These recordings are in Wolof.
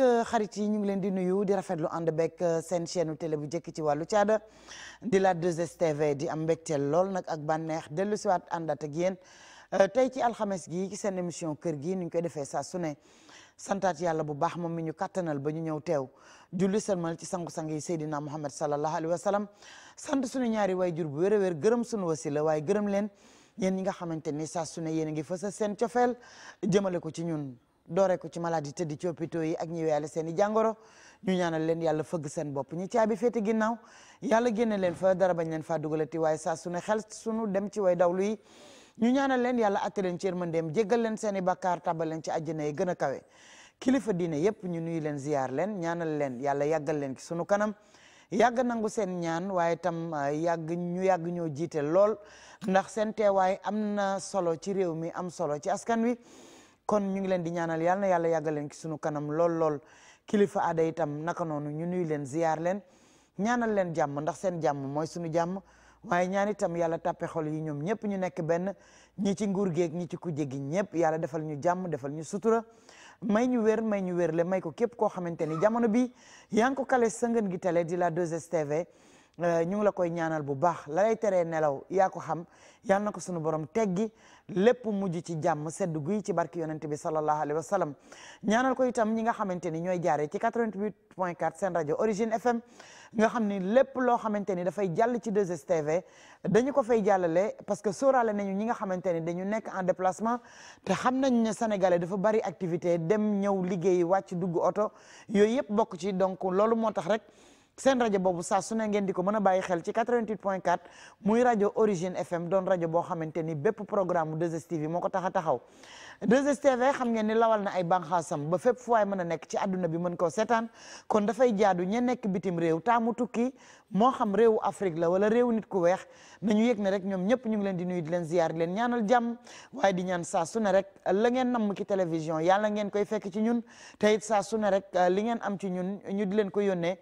Euh, xarit yi ñu ngi leen di nuyu di rafetlu ànd beeg euh, sen chaîne télé bu njëkk ci wàllu caada di la 2STV di am mbégteel lool nag ak banneex dellu si waat àndaat ak yéen euh, tey ci alxames gi ci seen émission kër gi ni ñu koy defee saa su ne santaat yàlla bu baax moom mi ñu kattanal ba ñu ñëw teew julli man ci sangu-sang yi Seydina Muhammad sallallahu alayhi wa sallam sant suñu ñaari jur bu wér a gërëm suñu wasila waaye gërëm leen yéen ñi nga xamante ni saa su ne yéen a ngi fësal seen cofeel jëmale ko ci ñun dooree ko ci maladie di ci hôpitaux yi ak ñi weyale seen i jàngoro ñu ñaanal leen yàlla fëgg seen bopp ñi caabi féete ginnaaw yàlla génne leen fa dara bañ leen faa dugalati waaye saa su ne xel sunu dem ci way dawlu yi ñu ñaanal leen yàlla atte leen ci yërmandeem jéggal leen seen i bakkaar tàbbal leen ci àjjana yi gën a kawe kilifa diine yépp ñu nuyu leen ziyaar leen ñaanal leen yàlla yàggal leen ci sunu kanam yàgg nangu seen ñaan waaye tam ah, yàgg ñu yàgg ñoo jiite lool ndax seen teewaay am na solo ci réew mi am solo ci askan wi kon ñu ngi leen di ñaanal yal na yàlla yàggal ki sunu kanam lool lool kilifa aada itam naka noonu ñu nuyu leen ziyaar leen ñaanal leen jàmm ndax seen jàmm mooy sunu jàmm waaye ñaan itam yàlla tàppe xol yi ñoom ñëpp ñu nekk benn ñi ci nguur geeg ñi ci kujje gi ñëpp yàlla defal ñu jàmm defal ñu sutura may ñu wér may ñu wér le may ko képp koo xamante ni jamono bi yaa ko kale sëngën gi télé di la 2STV Euh, ñu ngi la koy ñaanal bu baax la lay teree nelaw yaa ko xam yal na ko sunu borom teggi lépp mujj ci jàmm sedd guy ci barki yonent bi sallallahu alayhi wa sallam ñaanal ko itam ñi nga xamante ni ñooy jaaree ci 88 point 4 seen rajo origine FM nga xam ni lépp loo xamante ni dafay jàll ci 2STV dañu ko fay jàllale parce que soorale nañu ñi nga xamante ni dañu nekk en déplacement te xam nañ ne sénégalais dafa bari activité dem ñëw liggéey wàcc duggu oto yooyu yëpp bokku ci donc loolu moo tax rek. seen rajo boobu saa su ne ngeen di ko mën a bàyyi xel ci 88 point 4 muy rajo origine fm doon rajo boo xamante ni bépp programme 2STV moo ko tax a taxaw 2STV xam ngeen ni lawal na ay banxaasam ba fépp fu waay mën a nekk ci àdduna bi mën ko seetaan kon dafay jaadu ña nekk bitim réew taamu tukki moo xam réewu afrique la wala réewu nit ku weex nañu yëg ne rek ñoom ñëpp ñu ngi leen di nuyu di leen ziyaar leen ñaanal jàmm waaye di ñaan saa su ne la ngeen namm ci télévision yàlla ngeen koy fekk ci ñun te saa su rek li ngeen am ci ñun ñu di leen ko yónnee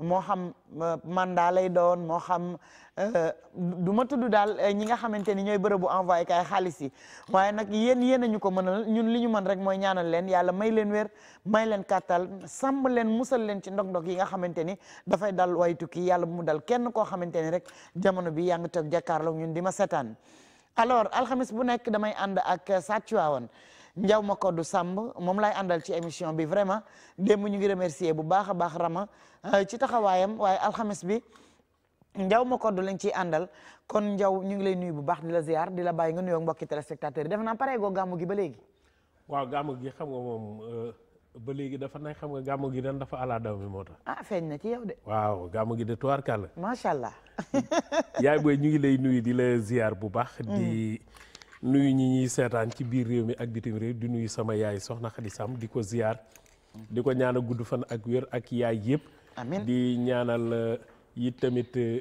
moo xam euh, mandat lay doon moo xam euh, du ma tudd daal euh, ñi nga xamante ni ñooy bërëbu envoyé kaay xaalis yi waaye nag yéen yéen a ñu ko mënal ñun li ñu mën rek mooy ñaanal leen yàlla may leen wér may leen kàttal sàmm leen musal leen ci ndog-ndog yi nga xamante ni dafay dal way tukki yàlla bu mu dal kenn koo xamante ni rek jamono bi yaa ngi toog jàkkaarloog ñun di ma setaan alors alxamis bu nekk damay ànd ak Sathiou Awane Ndiaw Makoddu Samb moom laay àndal ci émission bi vraiment démb ñu ngi remercier bu baax a baax Rama euh, ci taxawaayam waaye alxames bi Ndiaw Makoddu lañ ciy àndal kon njaw ñu ngi lay nuyu bu baax di la ziar di la bàyyi nga nuyoo mbokki téléspectateur yi def naa pare goo gàmmu gi ba léegi. waaw gàmmu gi xam nga moom euh, ba léegi dafa nay xam nga gàmmu gi ren dafa ala moo tax. ah feeñ na ci yow de. waaw gàmmu gi de tuwaarkàlla. macha allah. yaay booy ñu ngi lay nuyu di la ziar bu baax. nuyu ñi ñuy seetaan ci biir réew mi ak bitim réew di nuyu sama yaay soxna Xadi Sam di ko ziyaar di ko ñaanal gudd fan ak wér ak yaay yëpp amiin di ñaanal yi uh, tamit uh,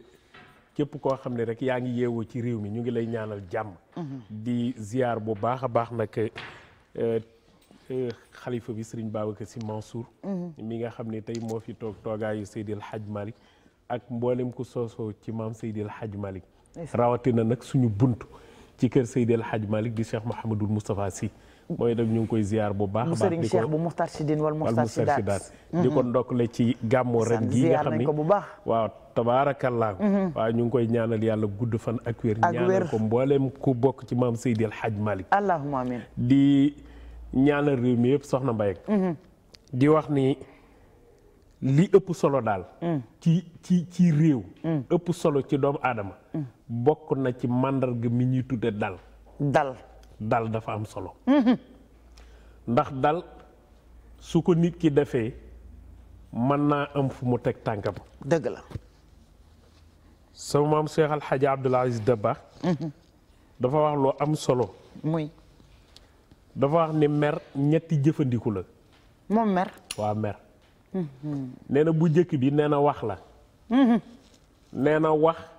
képp koo xam ne rek yaa ngi yeewoo ci réew mi ñu ngi lay ñaanal jàmm mhm. di ziyaar bu baax a baax nag uh, xalifa bi sëriñ Babacar Sy Mansour mhm. mi nga xam ne tey moo fi toog toogaayu Seydil xaj Malick ak mboolem ku soosoo ci maam Seydil xaj malik rawatina nag suñu bunt ci kër Seydi El Hadj Malick di Cheikh Mouhamadul Moustapha Sy mooy nag ñu ngi koy ziar bu baax a baax Serigne Cheikh bu Moustarchidine wal Moustarchidaat di ko mm-hmm. ndokkale ci gàmmoo ren gi nga xam ni bu baax waaw tabaarakallah mm-hmm. waaw ñu ngi koy ñaanal yàlla gudd fan ak wér ñaanal ko mbooleem ku bokk ci maam Seydi El Hadj Malick allahumma amin di ñaanal réew mi yëpp soxna Mbayek mm-hmm. di wax ni li ëpp solo daal mm. ci ci ci réew mm. ëpp solo ci doomu aadama mm. bokk na ci màndarga mi ñuy tudde dal dal dal dafa am solo mhm. ndax dal su ko nit ki defee mën naa am fu mu teg tànkam dëgg la sama maam Cheikh Alxaaji Abdul Aziz Dabakh mhm. dafa wax loo am solo muy dafa wax ni mer ñetti jëfandiku la moom mer waaw mer mhm. nee na bu jëkk bi nee na wax la nee na wax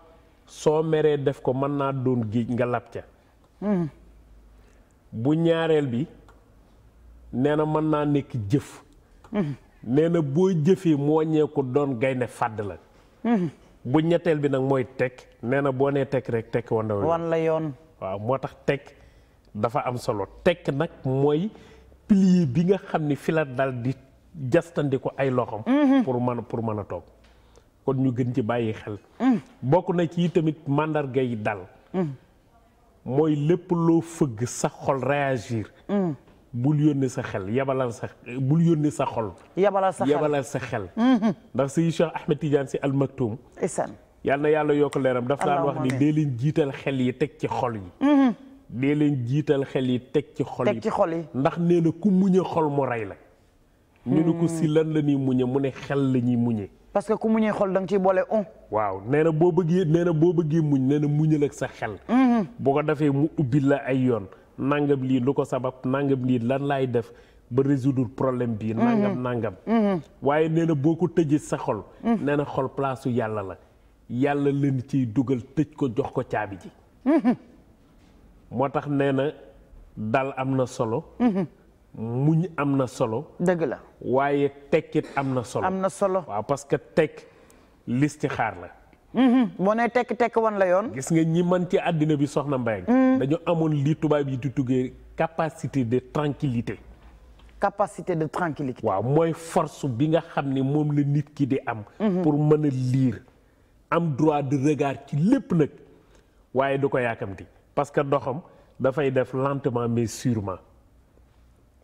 soo meree def ko mën naa doon géej nga lab ca hmm. bu ñaareel bi nee na mën naa nekk jëf hmm. nee na boo jëfee mu wàññeeku doon gaynde fàdd la hmm. bu ñetteel bi nag mooy tekk nee na boo nee tekk rek tekk wan wan la yoon waaw moo tax tekk dafa am solo tekk nag mooy pilier bi nga xam ni fi la dal di jastandi ay loxom pour mën pour mën a toog kon ñu gën ci bàyyi xel. Mm. bokk na ci tamit màndargay dal. Mm. mooy lépp loo fëgg sa xol réagir. Mm. bul yónnee sa xel yabalal sa bul yónnee xol. yabalal sa xel sa xel. Mm-hmm. ndax si Cheikh Ahmed Tidiane si almaktoum. isan yal yàlla yokk leeram daf daan wax ni mm-hmm. dee leen jiital xel yi teg ci xol yi. dee leen jiital xel yi teg ci xol yi ci xol yi. ndax nee na ku muñe xol mu rey la. ñu ne ko si lan la ñuy muñe mu ne xel la muñe. parce que ku muñee xol danga nga ciy boole on. waaw nee na boo bëggee nee na boo bëggee muñ nee na muñal ak sa xel. Mm-hmm. boo ko defee mu ubbi la ay yoon nangam lii lu ko sabab nangam lii lan laay def ba résoudre problème bii. Mm-hmm. nangam nangam. Mm-hmm. waaye nee boo ko tëjee sa xol. nee na xol place su yàlla la yàlla leen ciy dugal tëj ko jox ko caabi ji. moo tax nee na dal am na solo. muñ am na solo. dëgg la waaye tekkit am na solo. am na solo waaw parce que tekk xaar la. Mm-hmm. boo ne tekk tekk wan la yoon. gis nga ñi man ci àddina bi soxna Mbaye. Mm. dañoo amoon li tubaab yi di tuggee capacité de tranquillité capacité de tranquillité waaw mooy force bi nga xam ni moom la nit ki di am. Mm-hmm. pour mën a lire am droit de regard ci lépp nag waaye du ko yàkkamti parce que doxam dafay def lentement mais sûrement.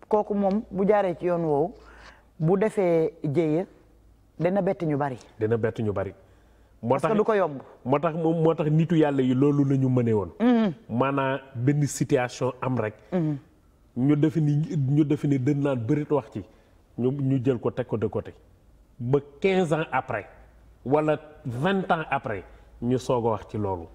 kooku moom bu jaaree ci yoon woowu bu defee jéeya dana bett ñu bari. dana bett ñu bari. moo tax du ko yomb. moo tax moom moo tax nitu yàlla yi loolu la ñu mënee woon. Mm-hmm. maanaam benn situation am rek. Mm-hmm. ñu defi ni ñu defi ni dën naan bërit wax ci ñu ñu jël ko teg ko de côté ba quinze ans après wala vingt ans après ñu soog a wax ci loolu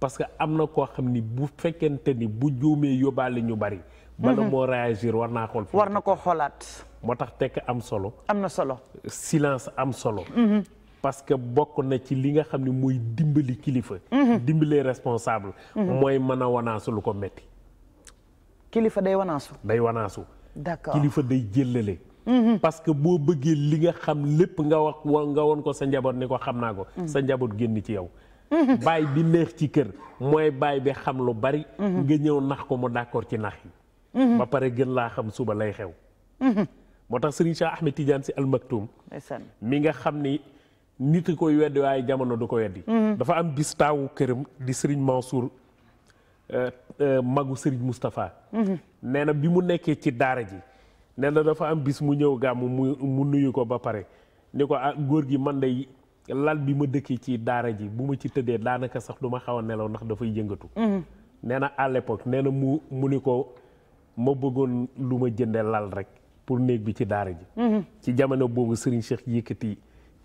parce que am na koo xam ni bu fekkente ni bu juumee yóbbaale ñu bari. bala mhm. moo réagir war naa xool. war na koo xolaat moo tax tekk am solo. am na solo. silence am solo. Mhm. parce que bokk na ci li nga xam ne mooy dimbali kilifa. Mhm. dimbali responsable. mooy mën a wanaasu lu ko metti kilifa day wanaasu. day wanaasu. d'accord kilifa day jëllale. parce que boo bëggee li nga xam lépp nga wax nga woon ko sa njaboot ni ko xam naa ko. sa njaboot génn ci yow. baay bi neex ci kër mooy baay bi xam lu bari. nga ñëw nax ko mu d'accord ci nax yi. Mm-hmm. ba pare gën laa xam suba lay xew. Mm-hmm. moo tax Serigne Cheikh Ahmed Tidiane si almaktum. mi nga xam ni nit a koy weddi waaye jamono du ko weddi. Mm-hmm. dafa am bis taawu këram di Serigne Mansour euh, euh, magu Serigne Mustapha. nee na bi mu nekkee ci daara ji nee na dafa am bis mu ñëw gàmm mu mu nuyu ko ba pare ni ko ah góor gi man day lal bi ma dëkkee ci daara ji bu ma ci tëddee daanaka sax du ma xaw a nelaw ndax dafay jëngatu. nee na à l'époque mu ni ko. ma bëggoon lu ma jënde lal rek pour néeg bi ci daara ji mhm. ci jamono boobu Serigne Cheikh yëkkati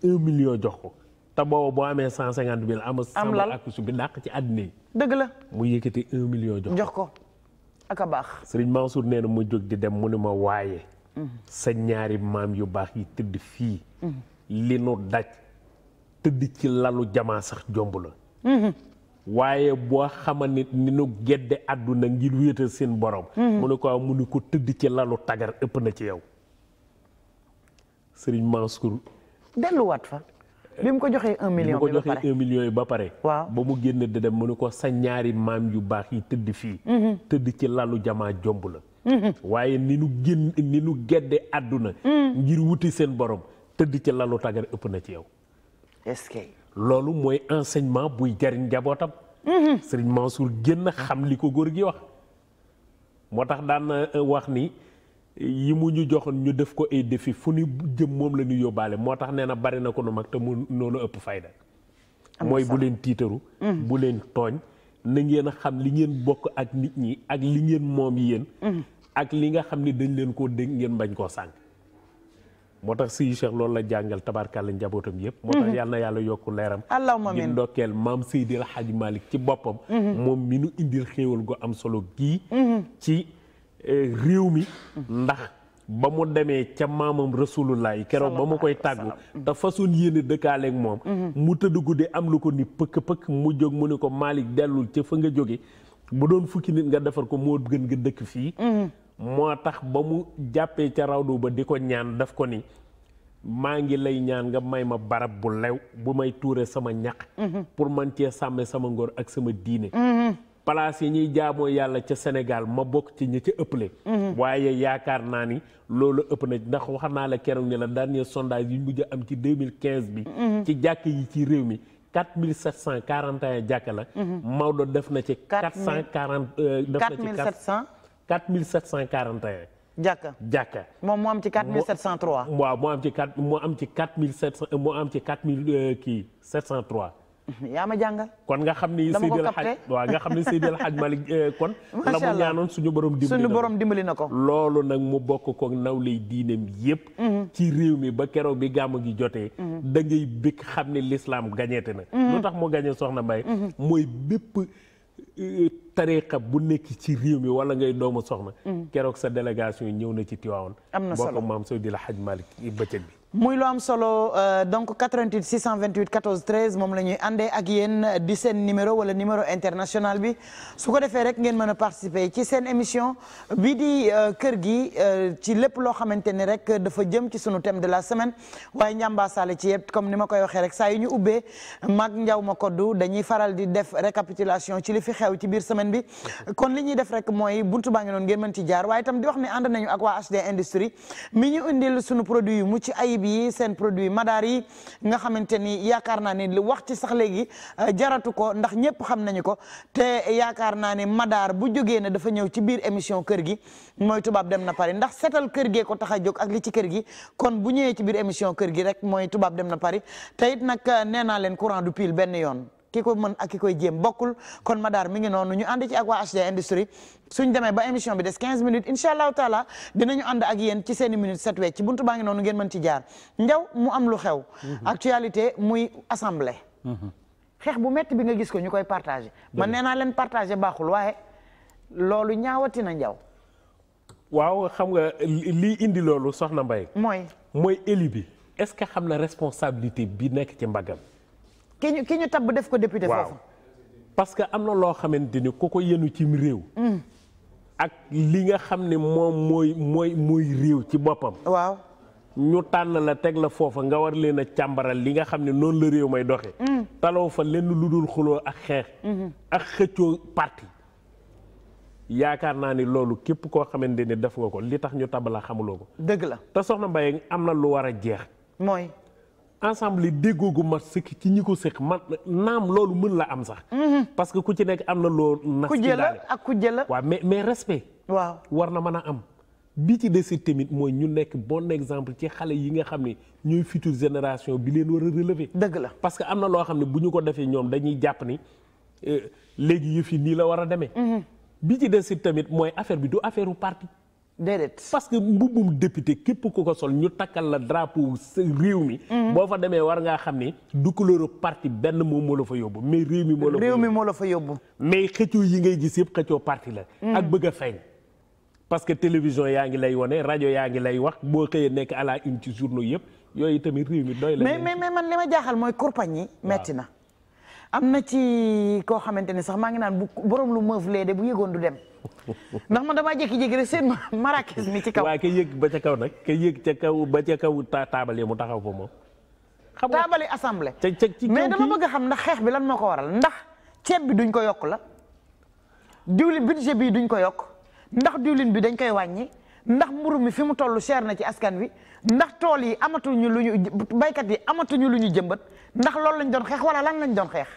un million jox ko te boo amee cent cinquante mille ama sama akusu bi dàq ci àddina yi la mu yëkkati un million jox ko ak a baax Serigne Mansour nee na ma jóg di dem mu ni ma waaye mhm. sa ñaari maam yu baax yi tëdd fii mhm. li nu daj tëdd ci lalu jamaa sax jomb la waaye boo xama ni nu gedde àdduna ngir wéetal seen borom mhm. mu ne ko mu ni ko tëdd ci lalu tagar ëpp na ci yow sëriñ Mansour delluwaat fa bi mu ko joxee un million million yi ba pare waaw ba mu génn di dem mu ne ko sa ñaari maam yu baax yi tëdd fii mhm. tëdd ci lalu jamaa jomb la mhm. waaye ni nu génn ni nu gedde àdduna ngir wuti seen borom tëdd ci lalu tagar ëpp na ci yow est loolu mooy enseignement buy jariñ jabootam mhm. sëriñ Mansour génn xam li ko góor gi wax. moo tax daan euh, wax ni yi mu ñu joxoon ñu def ko ay defi fu ñu jëm moom la ñu yóbbaale moo tax nee na bari na ko nu mag te mu noonu ëpp fayda. mooy bu leen tiitaru. Mhm. bu leen tooñ. na ngeen a xam li ngeen bokk ak nit ñi ak li ngeen moom yéen. Mhm. ak li nga xam ni dañ leen koo dégg ngeen bañ koo sànq. moo tax sëñ Cheikh loolu la jàngal tabarkàlla njabootam yëpp. moo tax mhm. yal na yàlla yokku leeram. allahumma amiin ñu ndokkeel maam Seydi El Hadj Malick ci boppam. Mhm. moom mi nu indil xéewal ko am solo gii. Mhm. ci eh, réew mi ndax. ba mu demee ca maamam rasulullah yi keroog ba mu koy tàggu te façon yéene dëkkaaleeg moom mu tëdd guddi am lu ko ni pëkk pëkk mu jóg mu ne ko Malick dellul ci fa nga jóge bu doon fukki nit nga defar ko moo gën nga dëkk fii moo tax ba mu jàppee ca rawdu ba di ko ñaan daf ko ni maa ngi lay ñaan nga may ma barab bu lew bu may tuure sama ñaq mhm. pour man cee sàmme sama ngor ak sama diine mhm. palaas yi ñuy jaamoo yàlla ca Sénégal ma bokk ci ñi ca le mhm. waaye yaakaar naa ni loolu ëpp na ndax wax naa la keroog ni la dernier sondage yi mujj am ci 2015 bi ci jàkk yi ci réew mi 4741 jàkk la Maodo def na ci 440 euh, def na ci 4 4741. jàkka jàkka. moom moo am ci 4703. waaw moo am ci 4 moo am ci 4700 moo am ci 4000 euh, kii 703. yaa ma jàngal. kon nga xam ni Seydi El Hadj waaw nga xam ni Seydi euh, kon. la mu ñaanoon suñu borom dimbali na ko suñu borom na ko. loolu nag mu bokk koog nawley diineem yépp mhm. ci réew mi ba keroog bi gàmm gi jotee. Mhm. da ngay bëgg xam ne l'islam gañeete na. Mhm. lu tax mu gañe soxna Mbaye. mooy bépp. tariqa bu nekk ci réew mi wala ngay doomu soxna. Mm. keroog sa délégation ñëw na ci Tiwaawan. am na solo boo ko maam Seydil Hadj Malick bëccëg bi. muy lu am solo euh, donc 88 628 14 13 moom la ñuy àndee ak yéen di seen numéro wala numéro international bi su ko defee rek ngeen mën a participer ci seen émission bii di euh, kër gi euh, ci lépp loo xamante ni rek dafa jëm ci sunu thème de la semaine waaye njàmbaasaale ci yëpp comme ni ma koy waxee rek saa yu ñu ubbee mag njaw ma koddu dañuy faral di def récapitulation ci li fi xew ci biir semaine bi kon li ñuy def rek mooy buntu baa ngi noonu ngeen mën ci jaar waaye tam di wax ne ànd nañu ak waa tib yi seen produit madaar yi nga xamante ni yaakaar naa ni lu wax ci sax léegi euh, jaratu ko ndax ñëpp xam nañu ko te yaakaar naa ne madaar bu jógee ne dafa ñëw ci biir émission kër gi mooy tubaab dem na Paris ndax setal kër gee ko tax a jóg ak li ci kër gi kon bu ñëwee ci biir émission kër gi rek mooy tubaab dem na pari te it nag euh, nee naa leen courant du pile benn yoon ki ko mën ak ki koy jéem bokkul kon Madaar mi ngi noonu ñu ànd ci ak waa HD industrie suñ demee ba émission bi des quinze minutes incha allahu taala dinañu ànd ak yéen ci seeni minutes set wecc ci buntu baa ngi noonu ngeen mën ci jaar ndaw mu am lu xew. Mhm. actualité muy assemblée. Mhm. xeex bu metti bi nga gis ko ñu koy partagé. ma nee naa leen partagé baaxul waaye loolu ñaawati na ndaw. waaw xam nga lii indi loolu soxna Mbaye. mooy mooy élu bi est-ce que xam na responsabilité bi nekk ci ki ñu ki ñu tabb def ko député foofu parce que am na loo xamante ni ku ko yenu cim réew mm. ak li nga xam ni moom mooy mooy mooy réew ci boppam waaw ñu tànn la teg la foofa nga war leen a càmbaral li nga xam ne noon la réew may doxe mm. taloo fa lenn lu dul xuloo ak xeex mm-hmm. ak xëccoo parti yaakaar naa ni loolu képp koo xamante ni def nga ko li tax ñu tabala xamuloo ko dëgg la te soxna mbay am na lu war a jeex mooy assemblée déggoo gu ma sëkk ci ñi ko sëkk man naam loolu mën la am sax. Mhm. parce que ku ci nekk am na loo. nas ku jëla ak ku jëla. waa mais mais respect. waaw war na mën a am. bi ci desit tamit mooy ñu nekk bon exemple ci xale yi nga xam ne ñuy futur génération bi leen war a relever. dëgg la parce que am na loo xam ne bu ñu ko defee ñoom dañuy jàpp ni euh, léegi yëf yi nii la war a demee. Mhm. bi ci des desit tamit mooy affaire bi du affaire u parti. déedéet parce que mbubbum député képp ku ko sol ñu takkal la drapeau réew mi. Mhm. boo fa demee war ngaa xam ne du couleur parti benn moom moo la fa yóbbu mais réew mi. moo la fa la fa yóbbu. mais xëccoo yi ngay gis yëpp xëccoo parti la. Mhm. ak bëgga a feeñ. parce que télévision yaa ngi lay wone rajo yaa ngi lay wax boo xëyee nekk à la une ci journaux yëpp yooyu tamit réew mi doy la. mais mais mais man li ma jaaxal mooy campagne yi metti na. am na ci koo xamante ni sax maa ngi naan bu borom lu meuf lee de bu yëgoon du dem ndax ma damaa jékki-jékki rek seen marakis mi ci kaw. waaw kay yëg ba ca kaw nag kay yëg ca kaw ba ca kaw taabale mu taxaw fa moom. xam nga taabale assemblée. mais dama bëgg a xam ndax xeex bi lan moo ko waral ndax ceeb bi duñ ko yokk la diwlin budget bi duñ ko yokk ndax diwlin bi dañ koy wàññi. ndax mburu mi fi mu toll cher na ci askan wi ndax tool yi amatuñu lu ñu baykat yi amatuñu lu ñu jëmbat ndax loolu lañ doon xeex wala lan lañ doon xeex.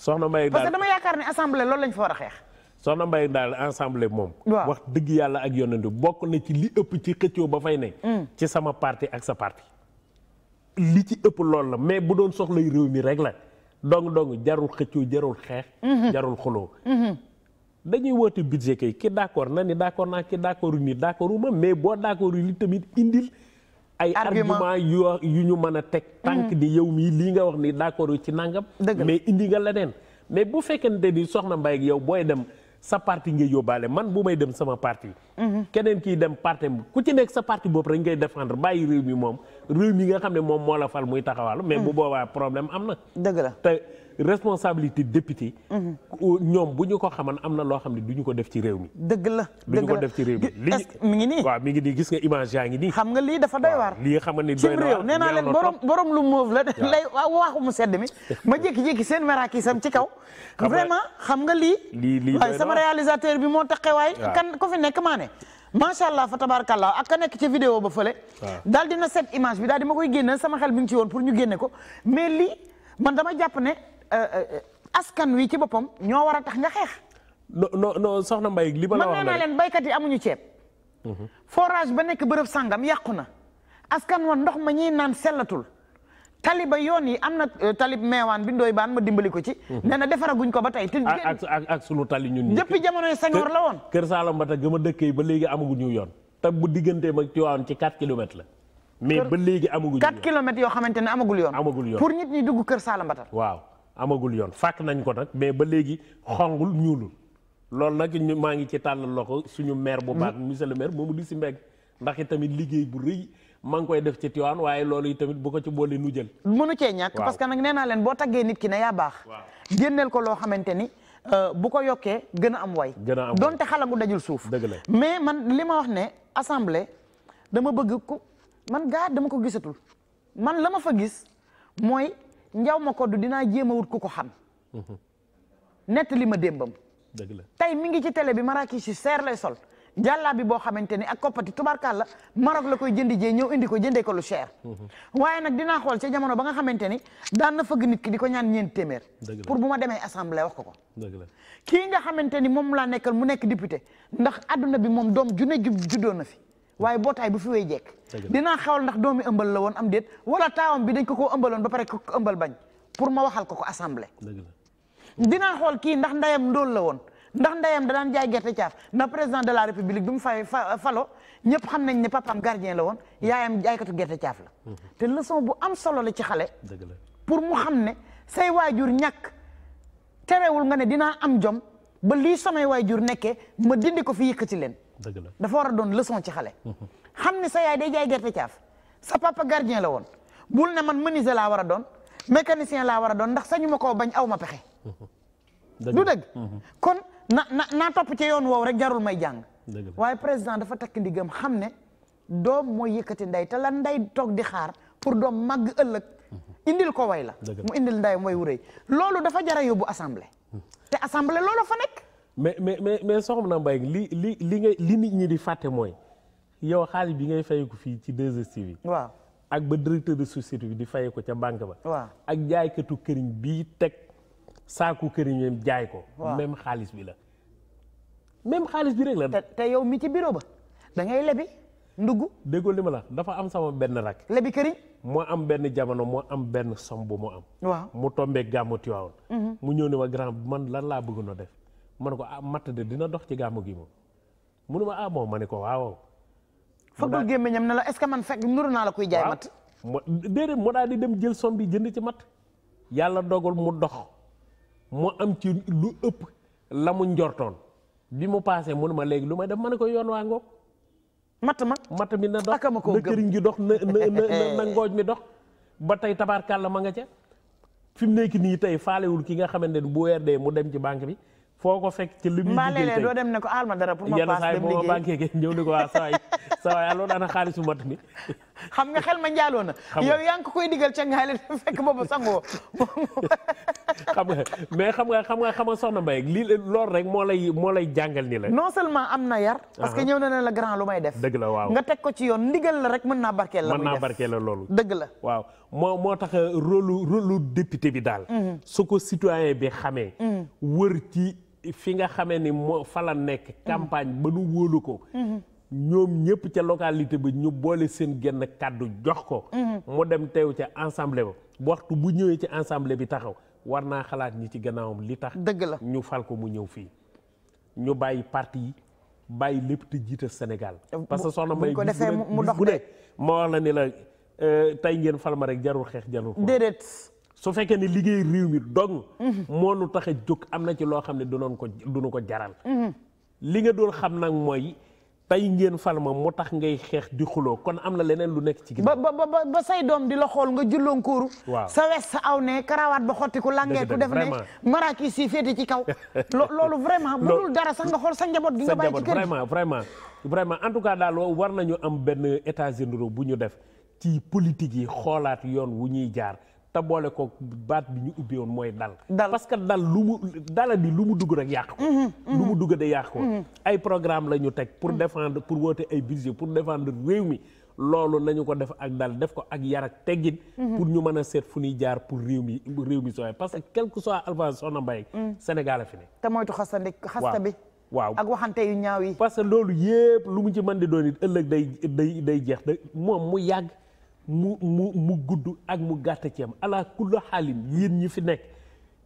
soxna Mbaye daal dama yaakaar ne assemblée loolu lañ fa war a xeex. soxna Mbaye daal assemblée moom. wax dëgg yàlla ak yonent bi bokk na ci li ëpp ci xëccoo ba fay ne. Mm. ci sama parti ak sa parti. li ci ëpp loolu la mais bu doon soxla réew mi rek la dong dong jarul xëccoo jarul xeex. Mhm. jarul xuloo mhm. dañuy woote budget kay ki d' na ni d' accord naa ki d' accord nii d' accord ma mais boo d' yu li tamit indil. ay argument yu yu ñu mën a teg tànk mm-hmm. di yow mii lii nga wax nii d'accord ci nangam mais indi nga la leneen mais bu fekkente ni soxna Mbaye ak yow booy dem sa parti nga yóbbaale man bu may dem sama parti mm-hmm. keneen kii dem parti ku ci nekk sa parti bopp rek ngay défendre bàyyi réew mi moom réew mi nga xam ne moom moo la fal muy taxawal mais bu mm-hmm. boobaa problème am na dëgg la te responsabilité député. Mhm. ñoom bu ñu ko xaman am na loo xam ne du ñu ko def ci réew mi. dëgg la du ñu ko def ci réew mi. est mi ngi nii waaw mi ngi nii gis nga image yaa ngi nii. xam nga lii dafa doy waar. lii xam na waar nee naa leen borom borom lu moof la. waaw lay waaxu mu sedd mi ci kaw. vraiment xam nga lii. lii lii waaye sama réalisateur bi moo tax waay. kan ko fi nekk maane ne. macha allah fa tabaarakallah ak ka nekk ci vidéo ba fële. daal dina set image bi daal di ma koy génne sama xel mi ngi ci woon pour ñu génne ko mais lii man dama jàpp Euh, euh, askan wi ci boppam ñoo war a tax nga xeex. non non non soxna Mbaye li ma la wax mën naa leen baykat yi amuñu ceeb. Mhm. forage ba nekk bërëb sàngam yàqu na askan wa ndox ma ñuy naan sellatul taliba yoon yi am na euh, talib meewaan bi ndooy baan ma dimbali ko ci. Mhm. nee na defaraguñ ko ba tey. te ak ak ak sunu tali ñun. depuis jamonoy Senghor la woon. Kër Saalum ba tey gëm a dëkkee ba léegi yoon. te bu digganteem ak Tiwaawan ci 4 kilomètres la. mais ba léegi amaguñu yoon 4 yoo xamante ne amagul yoon. amagul yoon pour nit ñi dugg Kër Saalum waaw. amagul yoon fàkk nañ ko nag mais ba léegi xongul ñuulul loolu nag ñu maa ngi ci tàllal loxo suñu maire bu baax monsieur le maire moomu di si mbeg ndax itamit liggéey bu rëy maa ngi koy def ci Tivaouane waaye loolu yi tamit bu ko ci boole nu jël mënu cee ñàkk parce que nag nee naa leen boo taggee nit ki ne yaa baax génneel ko loo xamante ni euh, bu ko yokkee gën a am way donte xalangu dajul suuf dëgg la mais man li ma wax ne assemblée dama bëgg ku man gaa dama ko gisatul man la ma fa gis mooy njaw ma koddu dina dinaa jéem a wut ko xam. Mhm. nett li ma démbam. dëgg la tey mi ngi ci télé bi marakis yu seer lay sol. jàllaa bi boo xamante ni ak koppati tubarkaal la Maroc la koy jëndi jee ñëw indi ko jëndee ko lu cher. Mhm. waaye nag dinaa xool ca jamono ba nga xamante ni daan na fëgg nit ki di ko ñaan ñeent téeméer. pour bu ma demee assemblée wax ko ko. kii nga xamante ni moom laa nekkal mu nekk député ndax adduna bi moom doom ju ne juddoo na fi. waaye bootaay bu fi way jekk dinaa xawal ndax doomi ëmbal la woon am déet wala taawam bi dañ ko koo ëmbaloon ba pare ko ëmbal bañ pour ma waxal ko ko assemblée dinaa xool kii ndax ndayam ndóol la woon ndax ndayam da daan jaay gerte caaf na président de la république bi mu fay falo ñëpp xam nañ ne papaam gardien la woon yaayam jaay jaaykatu gerte caaf la mhm. te leçon bu am solo la ci xale pour mu xam ne say waajur ñàkk terewul nga ne dinaa am jom ba lii samay waajur nekkee ma dindi ko fi yëkkati leen dafa war a doon leçon ci xale mhm. xam ne sa yaay day jaay gerte caaf sa papa gardien la woon bul ne man menuisier laa war a doon mécanicien laa war a doon ndax sañu koo bañ aw ma pexe mhm. du dëgg mhm. kon na na naa topp ci yoon woow rek jarul may jàng waaye président dafa takk ndigam xam ne doom mooy yëkkati ndey te lan nday toog di xaar pour doom màgg ëllëg indil ko way la mu indil nday mooy wuréy loolu dafa jara yóbbu assemblée te assemblée loolu fa nekk mais mais mais mais na Mbaye li li li ngay li nit ñi di fàtte mooy yow xaalis bi ngay ko fii ci 2 yi waaw ak ba directeur de société bi di fay ko ca banque ba. waaw ak jaaykatu këriñ bii teg saaku këriñam jaay ko. même xaalis bi la. même xaalis bi rek la. te te yow mi ci bureau ba da ngay lebi ndugg. déggoo li ma la dafa am sama benn rak. lebi këriñ. moo am benn jamono moo am benn som bu mu am. waaw mu tombé gàmmu Tiwaawoon. Mhm. mu ñëw ne ma grand man lan laa bëgg def. ma ne ko ah matt de dina dox ci gàmmu gi moom munu ma ah moom ma ne ko waaw. fagul gémmiñam ne la est-ce que man fekk nuru naa la kuy jaay matt. mu déedéet mu daal di dem jël som bi jënd ci matt yàlla dogal mu dox mu am ci lu ëpp la mu njortoon bi mu paasee munu ma léegi lu may def ma ne ko yoon waa ngoog. matt ma matt mi na dox na këriñ gi dox na na ngooj mi dox ba tey tabaarkàlla ma nga ca fi mu nekk nii tey faalewul ki nga xamante ni bu weer dee mu dem ci banque bi. foo ko fekk ci lu muy liggéey doo dem ne ko aal ma dara pour ma paas dem ma yenn saa yi ñëw ne ko waa saa yi a yi loolu ana xaalis bu mat mi xam nga xel ma njaaloo na yow yaa ngi ko koy digal ca ngaale fekk boobu sangoo xam nga mais xam nga xam nga xam nga soxna Mbaye lii loolu rek moo lay moo lay jàngal nii la non seulement am na yar parce que ñëw na ne la grand lu may def dëgg la waaw nga teg ko ci yoon ndigal la rek mën naa barkeel la mën naa barkeel loolu dëgg la waaw moo moo tax euh, rôle rôle député bi daal mhm. fi nga xamee ni moo fa la nekk mhm. campagne ba nu wóolu ko mhm. ñoom ñëpp ca localité bi ñu boole seen genn kàddu jox ko mhm. mu dem teew ca assemblée ba waxtu bu ñëwee ci assemblée bi taxaw war naa xalaat ñi ci gannaawam li tax dëgg la ñu fal ko mu ñëw fii ñu bàyyi parti yi bàyyi lépp te jiite Sénégal euh, parce que soxna Mbaye bu ne moo wax la ni la euh, tey ngeen fal ma rek jarul xeex jarul déedéet su fekkee ne liggéey réew mi dong. Mhm. moo lu tax a jóg am na ci loo xam ne dunoon ko dunu ko jaral. Mhm. li nga doon xam nag mooy tey ngeen fal ma moo tax ngay xeex di xuloo kon am na leneen lu nekk ci. ginnaaw ba ba ba say doom di la xool nga julloon kuuru. waaw sa wes sa aw ne karawaat ba xottiku langeetu def ne maraakis féete ci kaw. loolu vraiment bu dul dara sax nga xool sa njaboot gi nga bàyyi ci kër vraiment vraiment vraiment en tout cas daal war nañu am benn états généraux bu ñu def ci politique yi xoolaat yoon wu ñuy jaar. te boole ko baat bi ñu ubbi woon mooy dal. dal parce dal lu mu dala bi lu mu dugg rek yàq ko. Mm-hmm, mm-hmm. lu mu dugg de yàq mm-hmm. ay programme la ñu teg pour défendre pour woote ay budget pour défendre réew mi loolu nañu ko def ak dal def ko ak yar ak teggin. pour ñu mën a seet fu ñuy jaar pour réew mi réew mi sooy parce que quel que soit Alpha Soxna Mbaye. Mm. Sénégal a fi ne. te moytu xasande xasta bi. waaw ak waxante yu ñaaw yi. parce que loolu yëpp lu mu ci mën di doon it ëllëg day day day jeex moom mu yàgg. mu mu mu gudd ak mu gàtt ci am ala kulli xaalin ñi fi nekk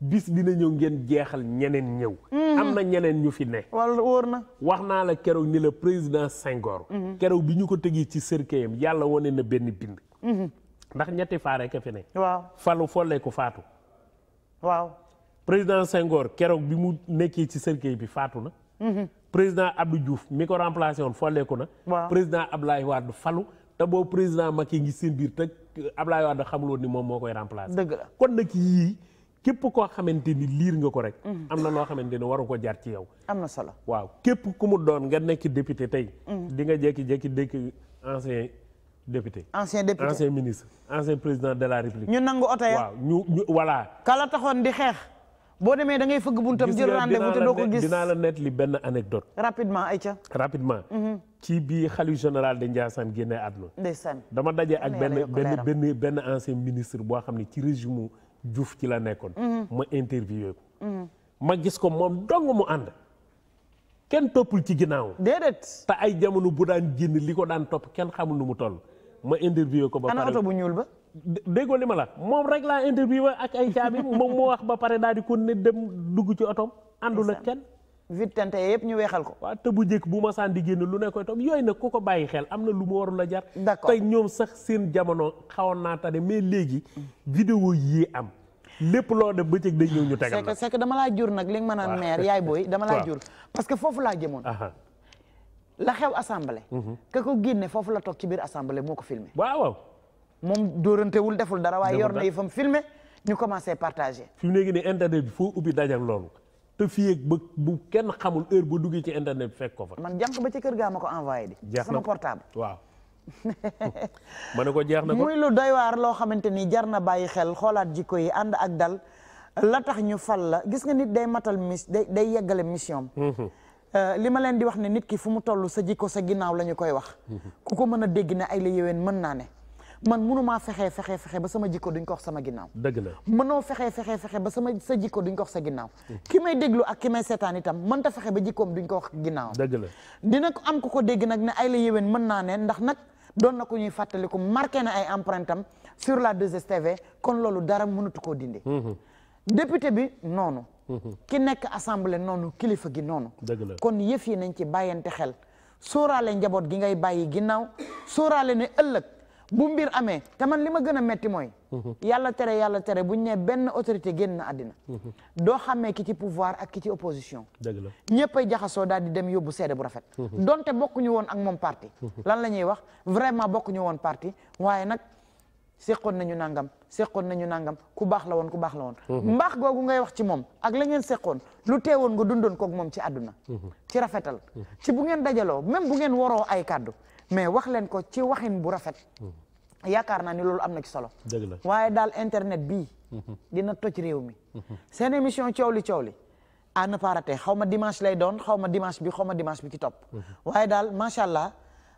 bis dina ñëw ngeen jeexal ñeneen ñëw. Mhm. am na ñeneen ñu fi nekk wala wóor na. wax naa la keroog ni la président Senghor. Mhm. keroog bi ñu ko tëggee ci cercueil-am yàlla wane na benn bind. Mhm. ndax ñetti faare ka fi ne. waaw falu folle ko faatu. waaw président Senghor keroog bi mu nekkee ci cercueil bi faatu na. président Abdou Diouf mi ko remplacé woon folleeku na. waaw président Abdoulaye Wade falu. te boobu président Macky ngi seen biir te euh, Ablaye Wade xamul woon ni moom moo koy remplacer. dëgg la kon nag yii képp koo xamante ni liir nga ko rek. Mhm. am na loo xamante ni waru ko jar ci yow. am na solo waaw képp ku mu doon nga nekk député tey. Mhm. di nga jékki-jékki dëkk ancien député. ancien député ancien ministre ancien de la république. ñu nangu oto ya waaw ñu ñu voilà. kala taxoon di xeex. boo demee da ngay fëgg buntam jël rendez-vous ko gis dinaa la net li benn anecdote rapidement Aïcha rapidement mhm. ci bii xalifa général de Ndiassane génne àdduna ndeysaan dama daje ak benn benn benn benn ancien ministre boo xam ne ci régime u Diouf ci la nekkoon mhm. ma interviewé ko mhm. ma gis ko moom dong mu ànd kenn toppul ci ginnaaw déedéet te ay jamono bu daan génn li ko daan topp kenn xamul nu mu toll ma interviewé ko ba pare ana ma bu ñuul ba déggoo li ma la moom rek laa interviewé ak ay caabi moom moo wax ba pare daal di ko ne dem dugg ci otoom àndul ak kenn vitante yëpp ñu weexal ko waaw te bu njëkk bu ma saan di génn lu ne koy toog yooyu nag ku ko bàyyi xel am na lu mu warul a jar tey ñoom sax seen jamono xawoon naa tane mais léegi vidéo yii am lépp loo def bëccëg day ñëw ñu tegal c'est que dama laa jur nag li nga mën a meer yaay booy dama laa jur parce que foofu laa jëmoon la xew assemblée. Mhm. ka ko génne foofu la toog ci biir assemblée moo ko filmé waaw moom dóorantewul deful dara waaye yor na yëfam filmé ñu commencé partagé fi mu nekk nii internet bi foo ubbi dajak loolu te fii ak ba bu kenn xamul heure bu duggee ci internet bi fekk ko fa man jànq ba ci kër gaa ko envoyé di sama portable waaw ma ko jeex na ko muy lu doy waar loo xamante ni jar na bàyyi xel xoolaat jikko yi ànd ak dal la tax ñu fal la gis nga nit day matal mis day day yeggale mission mhm. euh, li ma leen di wax ne nit ki fu mu toll sa jikko sa ginnaaw la ñu koy wax mhm. ku ko mën a dégg ne ay la yéwén mën naa ne man mënumaa fexe fexe fexe ba sama jikko duñ ko wax sama ginnaaw dëgg la mënoo fexe fexe fexe ba sama sa jikko duñ ko wax sa ginnaaw mm-hmm. ki may déglu ak ki may seetaan itam mën ta fexe ba jikkoom duñ ko wax ginnaaw dëgg la dina ko am ku ko dégg nag ne ay la yéwén mën naa ne ndax nag doon na ko ñuy fàttaliku marqué na ay empreinte am sur la 2STV kon loolu dara mënatu koo dindi mm-hmm. député bi noonu mm-hmm. ki nekk assemblée noonu kilifa gi noonu dëgg la kon yëf yi nañ ci bàyyante xel sóoraale njaboot gi ngay bàyyi ginnaaw sóoraale ne ëllëg bu mbir amee te man li ma gën a metti mooy mhm. yàlla tere yàlla tere bu ñu ne benn autorité génn na àddina mhm. doo xàmmee ki ci pouvoir ak ki ci opposition dëgg la ñëpp ay jaxasoo daal di dem yóbbu seede bu rafet mhm. donte bokkuñu woon ak moom parti lan la ñuy wax vraiment bokkuñu woon parti waaye nag seqoon nañu nangam seqoon nañu nangam ku baax la woon ku baax la woon mbaax googu ngay wax ci moom ak la ngeen seqoon lu teewoon nga dundoon kook moom ci àdduna ci rafetal ci bu ngeen dajaloo même bu ngeen waroo ay kàddu mais wax leen ko ci waxin bu rafet hmm. yaakaar naa ni loolu am na ci solo waaye daal internet bii hmm. dina toj réew mi hmm. seen émission coow li coow li à ne pas rater xaw ma dimanche lay doon xaw ma dimanche bi xaw ma dimanche bi ci topp waaye daal macha allah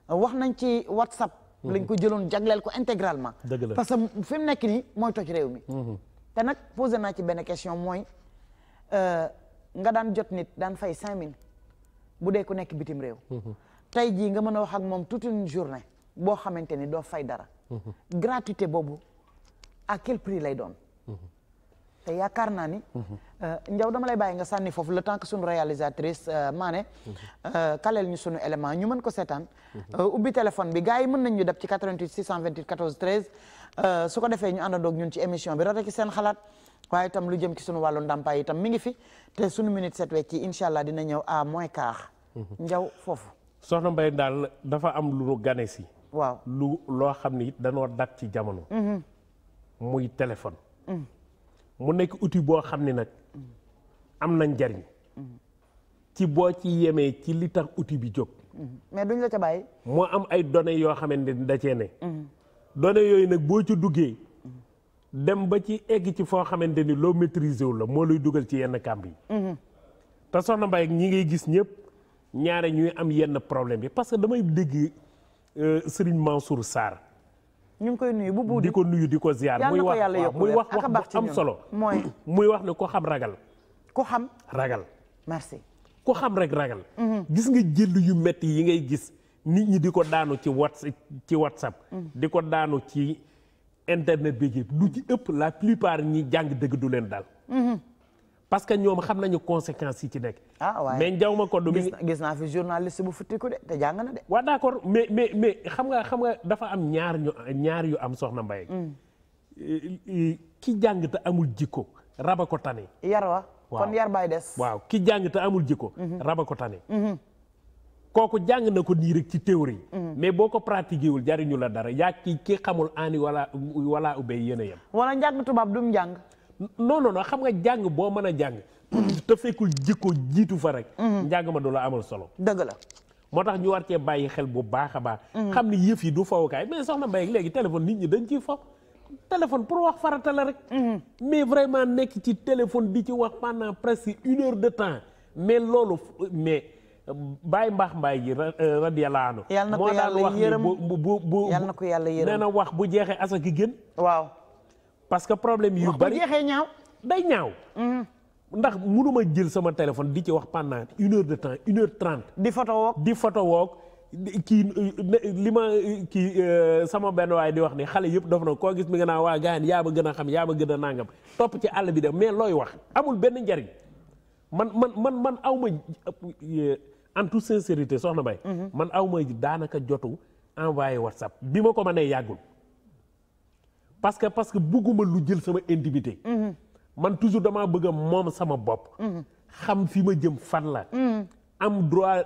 wax nañ ci whatsapp lañ ko jëloon jagleel ko intégralement parce que fi mu nekk nii mooy toj réew mi te nag posé naa ci benn question mooy euh, nga daan jot nit daan fay cinq mille bu dee ku nekk bitim réew tey jii nga mën a wax ak moom toute une journée boo xamante ni doo fay dara. Mhm. gratuité boobu à quel prix lay doon. Mhm. te yaakaar naa ni. Mhm. Euh, Njaw dama lay bàyyi nga sànni foofu la temps que suñu réalisatrice euh, Mané. Euh, kaleel ñu sunu élément ñu mën ko seetaan. ubbi téléphone bi gaa yi mën nañ ñu dab ci 88 628 14 13. su ko defee ñu àndandoog ñun ci émission bi rote ki seen xalaat waaye itam lu jëm ci sunu wàllu ndàmpaay itam mi ngi fi te sunu minute set ci incha allah dina ñëw à moins quart. Njaw foofu. soxna Mbaye daal dafa am lu nu gane si. waaw lu loo xam ni it danoo dab ci jamono. Mm-hmm. muy téléphone. Mm. mu nekk outil boo xam ni nag am na njariñ. Mm-hmm. ci boo ci yemee ci li tax outil bi jóg. Mm-hmm. mais duñ la ca bàyyi. moo am ay données yoo xamante ni da cee ne. données yooyu nag boo ci duggee. dem ba ci egg ci foo xamante ni loo maîtriser wu la moo lay dugal ci yenn kàmb yi. te soxna Mbaye ñi ngay gis ñëpp. ñaare ñuy am yenn problème bi parce que damay dégg euh, Serigne Mansour Sarr. ñu ngi koy nuyu bu buudi di ko nuyu di ko ziar. muy wax muy wax wax bu am solo. mooy muy wax ne ko xam ragal. ko xam ragal. merci ko xam rek ragal. Mm-hmm. gis nga jël yu metti yi ngay gis nit ñi di ko daanu ci whats ci whatsapp. Mm-hmm. di ko daanu ci internet bi yëpp lu ci ëpp la plupart ñi jàng dégg du leen daal. Mm-hmm. parce que ñoom xam nañu conséquences yi ci nekk. ah waaye mais njaw ko du. gis naa fi journaliste bu futtiku de te jàng na de. waaw d'accord mais mais mais xam nga xam nga dafa am ñaar ñaar yu am soxna Mbaye. Mm. ki jàng te amul jikko raba ko tane. yar bay des. waaw ki jàng amul jikko. Mm-hmm. ko tane. Mm-hmm. kooku jàng na ko nii rek ci théorie. Mm-hmm. mais boo ko pratiqué wul jariñu la dara yaa ki ki xamul aani wala wala ubbee yéen a yem. tubaab du mu njàng. non non xam nga jàng boo mën a jàng. te fekkul jikko jiitu fa rek. Mhm. njàng ma du la amal solo. dëgg la. moo tax ñu war cee bàyyi xel bu baax a baax. Mhm. xam ni yëf yi du fawukaay mais soxna Mbaye léegi téléphone nit ñi dañ ciy faw. téléphone pour wax farata la rek. Mhm. mais vraiment nekk ci téléphone di ci wax pendant presque une heure de temps mais loolu mais bàyyi mbaax mbaay ji euh, radiyallahu anhu. yal na ko yàlla yërëm moo daan wax bu bu bu bu nee na wax bu jeexee asaki gën waaw. parce que problème yu bari jeexee ñaaw day ñaaw mm-hmm. ndax mënuma jël sama téléphone di ci wax pendant une heure de temps une heure trente di photo woog di photo woog kii li ma kii euh, sama benn waay di wax ni xale yëpp daf na koo gis mi nga naa waa gaayan yaa ba gën a xam yaa ba gën a nangam topp ci àll bi dem mais looy wax amul benn njariñ man man man man aw ma euh, en toute sincérité soxna Mbaye mm-hmm. man aw daanaka jotu envoyé WhatsApp bi ma ko mënee yàggul parce que parce que bugguma lu jël sama intimité. Mhm. man toujours damaa bëgg a moom sama bopp. Mhm. xam fi ma jëm fan la. Mhm. am droit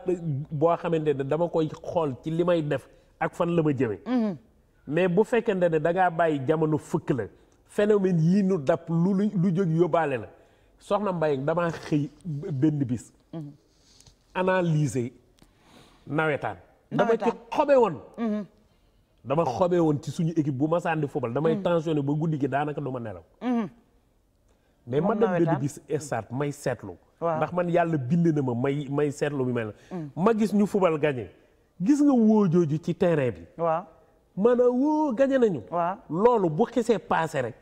boo xamante ne dama koy xool ci li may def ak fan la ma jëmee. mais bu fekkente ne da ngaa bàyyi jamono fëkk la phénomène yii nu dab lu lu jóg yóbbaale la soxna mbay damaa xëy benn bis. analyser nawetaan. dama ci xobe woon. dama xobee woon ci suñu équipe bu ma sànni football damay mm. tensionné ba guddi gi daanaka du ma nelaw. Mm-hmm. mais ma dem ba gis stade may seetlu. ndax man yàlla bind na ma may may seetlu bi mel na. Mm. ma gis ñu football gagné gis nga woojooju ci terrain bi. waaw maanaam woo gagné nañu. waaw loolu bu xisee paase rek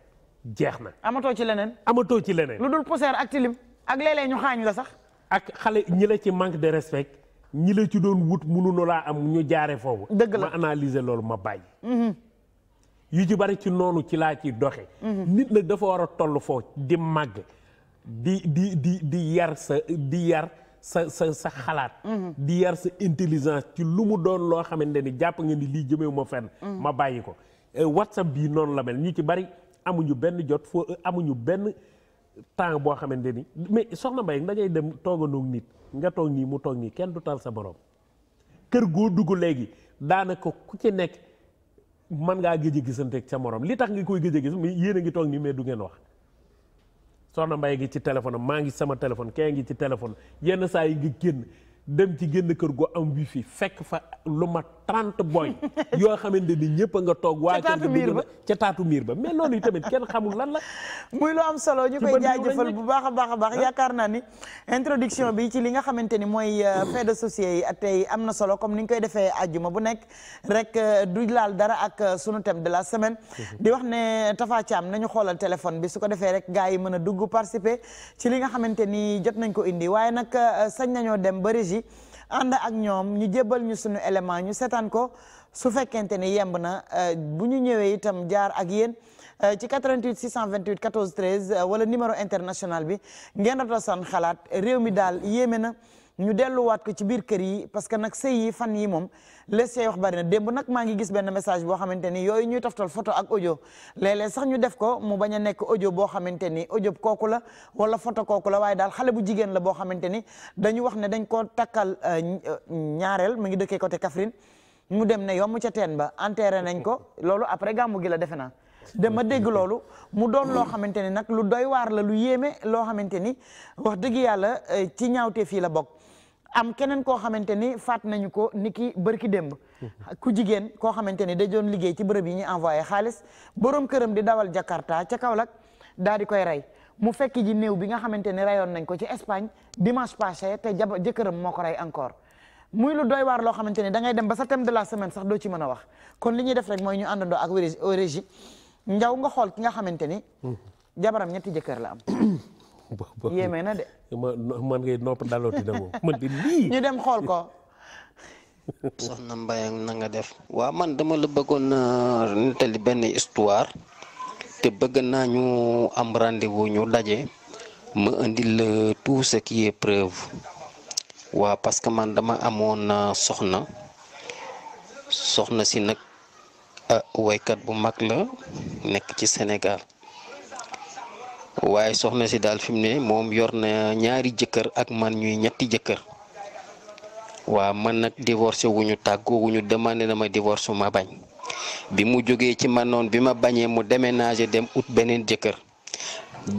jeex na. amatoo ci leneen. amatoo ci leneen. lu dul poussière ak tilim ak léeg ñu xaañ la sax. ak xale ñi la ci manque de respect. ñi la ci doon wut mënuñu laa am ñu jaare foofu dëgg la ma loolu ma bàyyi mhm. yu ci bari ci noonu ci laa ciy doxe mhm. nit nag dafa war a toll foofu di màgg di di di di yar sa di yar sa sa sa xalaat mhm. di yar sa intelligence ci lu mu doon loo xamante ni jàpp nga ni lii jëmewu ma fenn ma bàyyi ko eh, WhatsApp bii noonu la mel ñu ci bari amuñu benn jot foo amuñu benn temps boo xamante ni mais soxna mbay da ngay dem toogandoog nit nga toog nii mu toog nii kenn du tal sa borom kër goo dugg léegi daanaka ku ci nekk man ngaa gëj a gisanteeg sa morom li tax nga koy gëj a gis mais yéen ngi toog nii mais du ngeen wax soxna mbay gi ci téléphone maa ngi sama téléphone kee ngi ci téléphone yenn saa yi nga génn dem ci génn kër goo am wifi fekk fa lu mat trente boy yoo xamante ni ñëpp nga toog waa taatu miir ba ca taatu miir ba mais loolu yi tamit kenn xamul lan la muy lu am solo ñu koy jaajëfal bu baax a baax a baax yaakaar naa ni introduction bi ci li nga xamante ni mooy euh, fait de société yi tey am na solo comme ni ñu koy defee àjjuma bu nekk rek euh, du laal dara ak euh, sunu thème de la semaine mhm. di wax ne Tafa Thiam nañu xoolal téléphone bi su ko defee rek gars yi mën a dugg participer ci li nga xamante ni jot nañ ko indi waaye nag sañ nañoo dem ba régie ànd ak ñoom ñu jébbal ñu suñu élément ñu seetaan ko su fekkente ni yemb na euh, bu ñu ñëwee itam jaar ak yéen euh, ci 88 628 14 13 wala numéro international bi ngeen doon seen xalaat réew mi daal yéeme na. ñu delluwaat ko ci biir kër yi parce que nag sëy yi fan yi moom les sey wax bari na démb nag maa ngi gis benn message boo xamante ni yooyu ñuy toftal photo ak audio léeg-léeg sax ñu def ko mu bañ a nekk ojo boo xamante ni audio kooku la wala photo kooku la waaye daal xale bu jigéen la boo xamante ni dañu wax ne dañ ko takkal euh, euh, ñaareel mu ngi dëkkee côté Kaffrine mu dem ne mu ca teen ba enterré nañ ko loolu après gàmmu gi la defe naa dama dégg loolu mu doon loo xamante ni nag lu doy waar la lu yéeme loo xamante ni wax dëgg yàlla euh, ci ñaawte fii la bokk am keneen koo xamante ni faat nañu ko ni ki bërki démb ku jigéen koo xamante ni da doon liggéey ci bërëb yi ñuy envoyé xaalis borom këram di dawal Jakarta ca Kaolack daal di koy rey mu fekk ji néew bi nga xamante ni reyoon nañ ko ci Espagne dimanche passé te jaba jëkkëram moo ko rey encore muy lu doy waar loo xamante ni dangay dem ba sa thème de la semaine sax doo ci mën a wax kon li ñuy def rek mooy ñu àndandoo ak régie njaw nga xool ki nga xamante ni hmm. jabaram ñetti jëkkër la am yéeme na de. man ngay nopp daloti na moom man di lii. ñu dem xool ko. soxna Mbaye na nga def. waa man dama la bëggoon na euh, nettali benn histoire te bëgg naa ñu am rendez-vous ñu daje ma indi la tout ce qui est preuve parce que man dama amoon na euh, soxna soxna si nag euh, woykat bu mag la nekk ci Sénégal. waaye soxna si daal fi mu ne moom yor na ñaari jëkkër ak man ñuy ñetti jëkkër waaw man nag divorcé wu ñu tàggoo ñu demandé na ma divorce ma bañ bi mu jógee ci man bi ma bañee mu déménagé dem ut beneen jëkkër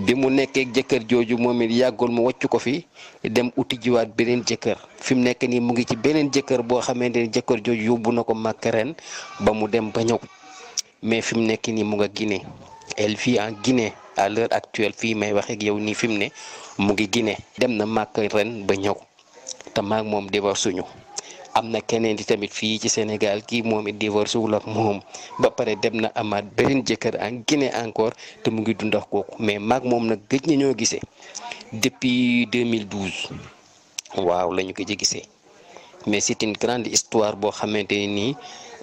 bi mu nekkee jëkkër jooju moom it yàggul mu wàcc ko fi dem uti jiwaat beneen jëkkër fi mu nekk nii mu ngi ci beneen jëkkër boo xamante ne jëkkër jooju yóbbu na ko màkk ren ba mu dem ba ñëw mais fi mu nekk nii mu nga Guinée elle vit à l'heure actuelle fii may wax ak yow nii fi mu ne mu ngi Guinée dem na màkk ren ba ñëw te maag moom divorce suñu am na keneen di tamit fii ci senegal kii moom it divorce wul ak moom ba pare dem na amaat beneen jëkkër en Guinée encore te mu ngi dundax kooku mais maag moom nag gëj na ñoo gisee depuis 2012 waaw la ñu ko ci gisee mais c'est une grande histoire boo xamante nii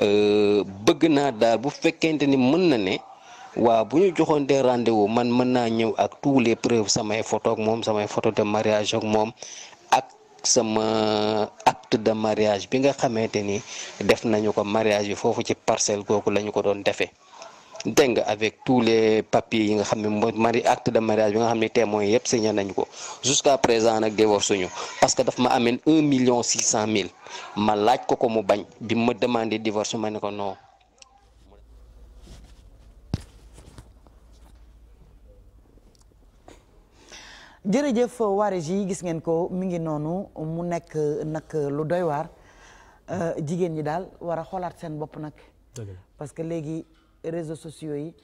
euh, bëgg naa daal bu fekkente ni mën na ne. waaw bu ñu joxoon de rendez-vous man mën naa ñëw ak tous les preuves samay photo moom samay photo de mariage ak moom ak sama acte de mariage bi nga xamante ni def nañu ko mariage bi foofu ci parcelle googu la ñu ko doon defee dégg nga avec tous les papiers yi nga xam ne mooy mari acte de mariage bi nga xam ne témoins yëpp signé nañu ko jusqu'à présent nag divorce suñu parce que daf ma ameen un million six cent mille ma laaj ko ko mu bañ bi ma demandé divorce ma ne ko non. jërëjëf Wareej yi gis ngeen ko mi ngi noonu mu nekk nag lu doy waar euh, jigéen ñi daal war a xoolaat seen bopp nag. parce que léegi réseaux sociaux yi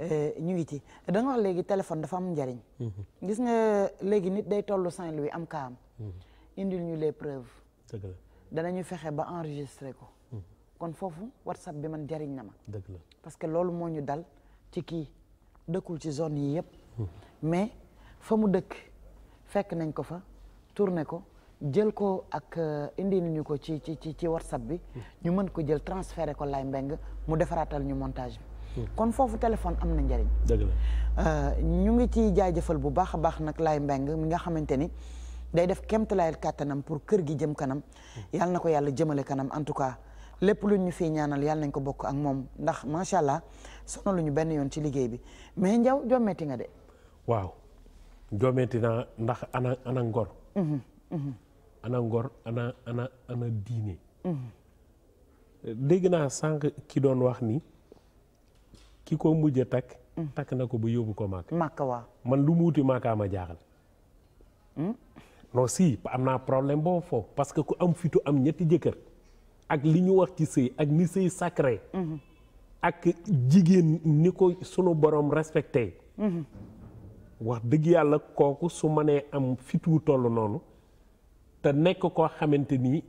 euh, ñu ngi ci da wax léegi téléphone dafa am njariñ. Mhm. gis nga léegi nit day tollu lu wi am kaam. Mhm. indil ñu les preuves. dëgg la danañu fexe ba enregistré ko. Mhm. kon foofu WhatsApp bi man jariñ na ma. dëgg parce que loolu moo ñu dal ci kii dëkkul ci zone yi yëpp. mais fa mu dëkk fekk nañ ko fa tourné ko jël ko ak euh, indi nañu ko ci ci ci ci whatsapp bi ñu mën ko jël transféré ko lay mbeng mu defaraatal ñu montage bi hmm. kon foofu téléphone am na njëriñ dëgg euh, ñu ngi ci jaajëfal bu baax a baax nag lay mbeng mi nga xamante ni day def kéemtalaayal kàttanam pour kër gi jëm kanam hmm. yàlla na ko yàlla jëmale kanam en tout cas lépp lu ñu fi ñaanal yàlla nañ ko bokk ak moom ndax macha allah lu ñu benn yoon ci liggéey bi mais njaw jommeeti nga de joomeeti naa ndax ana ana ngor mhm, mhm. ana ngor ana ana diine mhm. dégg naa sànq ki doon wax ni ki ko mujj takk takk na ko ba yóbbu ko màkk màkk waaw man lu mu wuti màkkaa ma jaaxal hmm? non si am naa problème boobu foofu parce que ku am fitu am ñetti jëkkër ak li ñu wax ci sëy ak ni sëy sacré ak jigéen ni ko sunu borom respecté wax dëgg yàlla kooku su mënee am fitu toll noonu te nekk koo xamante ni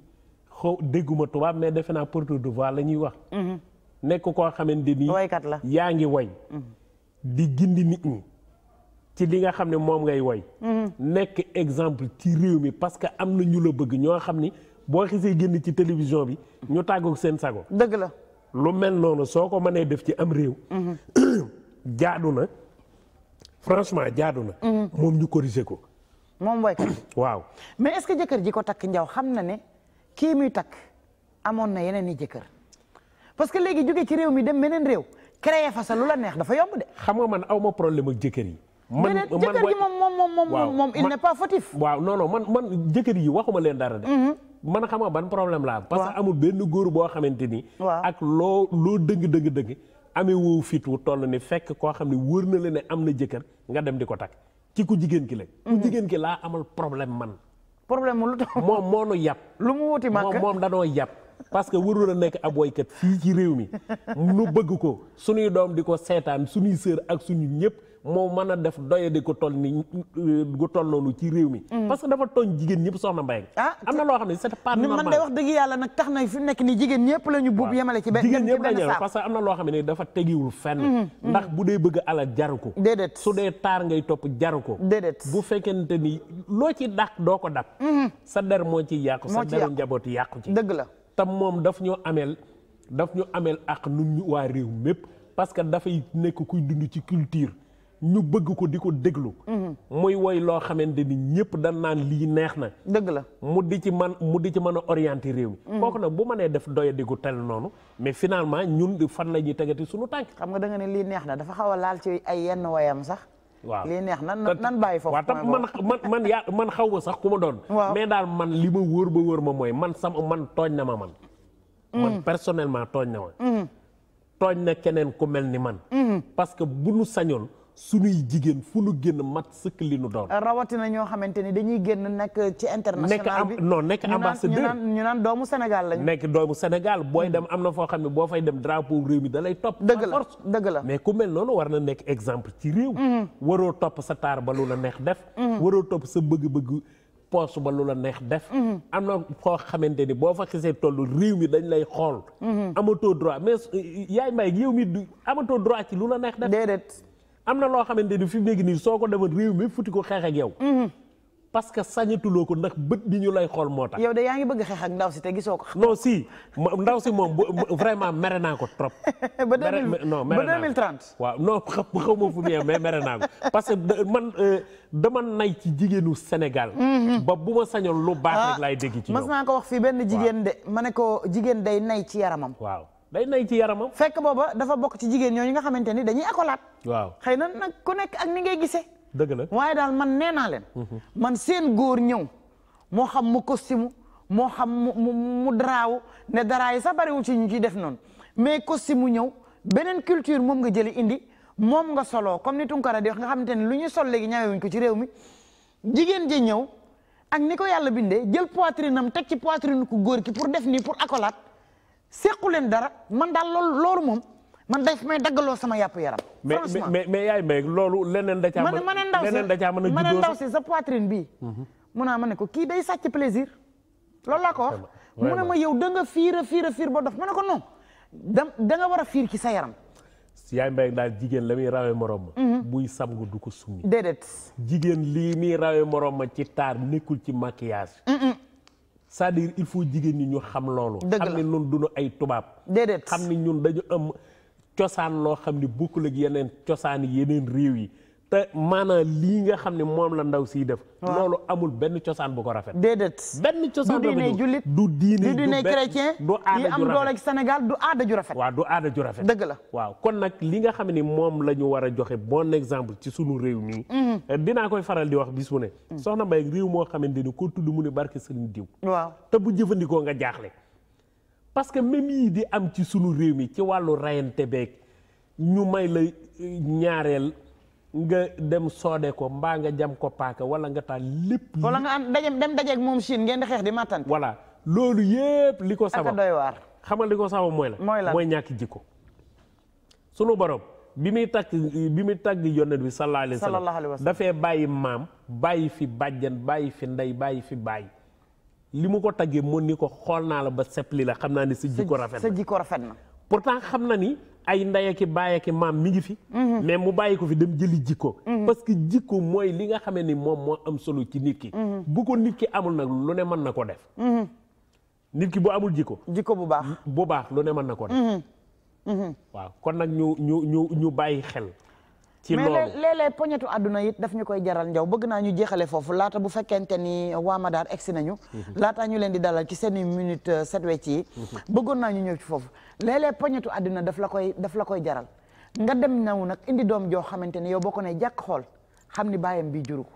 xaw dégguma tubaab mais defe naa porteur de voix la ñuy wax. Mhm. nekk koo xamante ni. la yaa ngi woy. Mhm. di gindi nit ñi. ci li nga xam ne moom ngay woy. Mhm. nekk exemple ci réew mi parce que am na ñu la bëgg ñoo xam ni boo xisee génn ci télévision bi. ñu tàggoog seen sago. dëgg la lu mel noonu soo ko mënee def ci am réew. jaadu na. franchement jaadu na. Mhm. moom ñu corriger ko. moom woykat waaw mais est-ce que jëkkër ji ko takk njaw xam na ne kii muy takk amoon na yeneen i jëkkër parce que léegi jóge ci réew mi dem beneen réew créer fa sa lu la neex dafa yomb de. xam nga man awma problème ak jëkkër yi. man man jëkkër ji moom moom moom moom man man jëkkër yi waxuma leen dara de. Mhm. man xam nga ban problème laa am. parce que amul benn góor boo xamante ni. ak loo loo dëng dëng dëng. ame woowu fit wu toll ni fekk koo xam ne wër na la ne am na jëkkër nga dem di ko takk ci ku jigéen ki la. ku mhm. jigéen ki laa amal problème man. problème lu tax moom moo nu yàpp. lu mu wuti màkk moom moom danoo yàpp. parce que warul a nekk ab woykat fii ci réew mi nu bëgg ko suñuy doom di ko seetaan suñuy sœur ak suñu ñëpp. moo mën a def doyadi ko toll ni gu tolloolu ci réew mi. Mm. parce que dafa tooñ jigéen ñëpp soxna mbay ah am na loo xam ne c'est pas normal man de wax dëgg yàlla nag tax na fi nekk nii jigéen ñëpp la ñu buub yemale ci benn jigéen ñëpp am na loo xam ne dafa tegiwul fenn. Mm-hmm. Mm-hmm. ndax bu dee bëgg alal jaru ko. déedéet su dee taar ngay topp jaru ko. déedéet bu fekkente ni loo ci dàq doo ko dàq. Mm-hmm. sa der moo ci yàqu. moo ci yàqu sa deru njaboot yàqu ci. dëgg la te moom daf ñu ameel daf ñu ameel ak nun waa réew mépp parce que dafay nekk kuy dund ci culture ñu bëgg ko di ko déglu. Mhm. muy woy loo xamante ni ñëpp dañ naan lii neex na. dëgg la mu di ci man mu di ci mën a orienté réew mi. Mhm. kooku nag bu ma nee def doyadi gu tel noonu mais finalement ñun di fan la ñuy tegati suñu tànk. xam nga da nga ne lii neex na dafa xaw a laal ci ay yenn woyam sax. waaw lii neex nan nan bàyyi foofu. waaw tam man man man yaa man xaw ma sax ku ma doon. mais daal man li ma wóor ba wóor ma mooy man sama man tooñ na ma man. Mhm. man personnellement tooñ na ma. na keneen ku mel ni man. que bu nu sañoon. suñuy jigéen fu nu génn mat sëkk li nu doon. rawatina ñoo xamante ni dañuy génn nekk ci international bi non nekk ambassadeur ñu naan doomu Sénégal lañu. nekk doomu Sénégal booy hmm. dem am na foo xam ne boo fay dem drapeau réew da lay topp. dëgg la dëgg la mais ku mel war na nekk exemple ci réew. Hmm. waroo topp sa taar ba lu la neex def. Hmm. waroo topp sa bëgg-bëgg. poos ba lu la neex def am na koo xamante ni boo fa xisee toll réew mi dañ lay xool amatoo droit mais euh, yaay mbay yow mi du amatoo droit ci lu la neex def am na loo xamante ni fi mu nekk nii soo ko defoon réew mi futti ko xeex ak yow. Mhm. parce que sañatuloo ko ndax bët bi ñu lay xool moo tax. yow de yaa ngi bëgg xeex ndaw si te gisoo ko. non si ndaw si moom vraiment mere naa ko trop. ba deux mille non xaw ma fu mu mais mere naa ko parce que man euh, dama nay ci jigéenu Sénégal. Mhm. ba bu ma sañoon lu baax ah, rek laay dégg. ci yow mas naa ko wax fii benn jigéen de ma ne ko jigéen day nay ci yaramam. waaw. day nay ci yaramam. fekk booba dafa bokk ci jigéen ñooñu nga xamante ni dañuy akolaat. waaw xëy na nag ku nekk ak ni ngay gisee. dëgg la waaye daal man nee naa leen. Mhm. man seen góor ñëw moo xam mu costume moo xam mu mu daraaw ne daraa yi sax bariwul ci ñu ciy def noonu mais costume mu ñëw beneen culture moom nga jëli indi moom nga soloo comme ni Tunkara di wax nga xamante ne lu ñu sol léegi ñawewuñ ko ci réew mi jigéen ji ñëw ak ni ko yàlla bindee jël poitrine am teg ci poitrine ku góor ki pour def nii pour akolaat. sequ leen dara man daal loolu loolu moom man day may daggaloo sama yàpp yaram. franchement mais mais yaay may loolu leneen da caa mën a leneen da caa mën a. mën a ndaw si sa poitrine bii. mun naa ma ne ko kii day sàcc plaisir. loolu laa ko wax mu ne ma yow da nga fiir a fiir a fiir ba dof ma ne ko non da nga war a fiir ci sa yaram. yaay mbay daal jigéen la muy rawee moroom ma mhm. buy sangu du ko summi déedéet jigéen lii muy rawee moroom ma ci taar nekkul ci maquillage c'est-à-dire il faut jigéen ñi ñu xam loolu. dëgg la xam ne ñun duñu ay tubaab. déedéet xam ne ñun dañu am cosaan loo xam ni bokkul ak yeneen cosaan yeneen réew yi. te maanaa lii nga xam ne moom la ndaw siy def. loolu amul benn cosaan bu ko rafet. déedéet benn cosaan du diine jullit du diine du diine chrétien du aada ju rafet yi du aada ju rafet. waaw dëgg la waaw kon nag li nga xam ni moom lañu war a joxe bon exemple ci sunu réew mi. Mhm. Eh, dinaa koy faral di wax bis bu ne. Mhm. soxna Mbaye réew moo xamante ni ko tudd mu ne barki sëriñ diw. waaw te bu jëfandikoo nga jaaxle. parce que même yii di am ci sunu réew mi ci wàllu rayante beeg ñu may la eh, ñaareel. nga dem soode ko mbaa nga jam ko paaka wala nga taal lépp. wala nga am daje dem dajeeg moom Chine ngeen di xeex di màttan. voilà loolu yëpp li ko sabab doy waar. xamal li ko sabab mooy la. mooy la ñàkk jikko. sunu borom bi muy tàgg bi muy tàgg yonent bi sallallahu alayhi wa dafee bàyyi maam bàyyi fi bàjjan bàyyi fi ndey bàyyi fi bàyyi. li mu ko taggee mën ni ko xool naa la ba seppli la xam naa ne sa jikko rafet na sa jikko rafet na. pourtant xam na ni. ay ndey ki bàyyi ki maam mi ngi fi. Mhm. mais mu bàyyi ko fi dem jëli jikko. Mhm. parce que jikko mooy li nga xamee ni moom moo am solo ci nit ki. Mhm. bu ko nit ki amul nag lu ne mën na ko def. nit ki bu amul jikko. jikko bu baax bu baax lu ne mën na ko def. waaw kon nag ñu ñu ñu ñu bàyyi xel. ci loolu mais léeg-léeg poñetu àdduna it daf ñu koy jaral njaw bëgg naa ñu jeexale foofu laata bu fekkente ni waa Madaar egsi nañu. laataa ñu leen di dalal ci seen i minute euh, set wecc yi. ñu ñëw ci foofu. léeg poñetu àddina daf la koy daf la koy jaral nga dem naw nag indi doom joo xamante ne yow boo ko ne jàkk xool xam ni baayam bi juru ko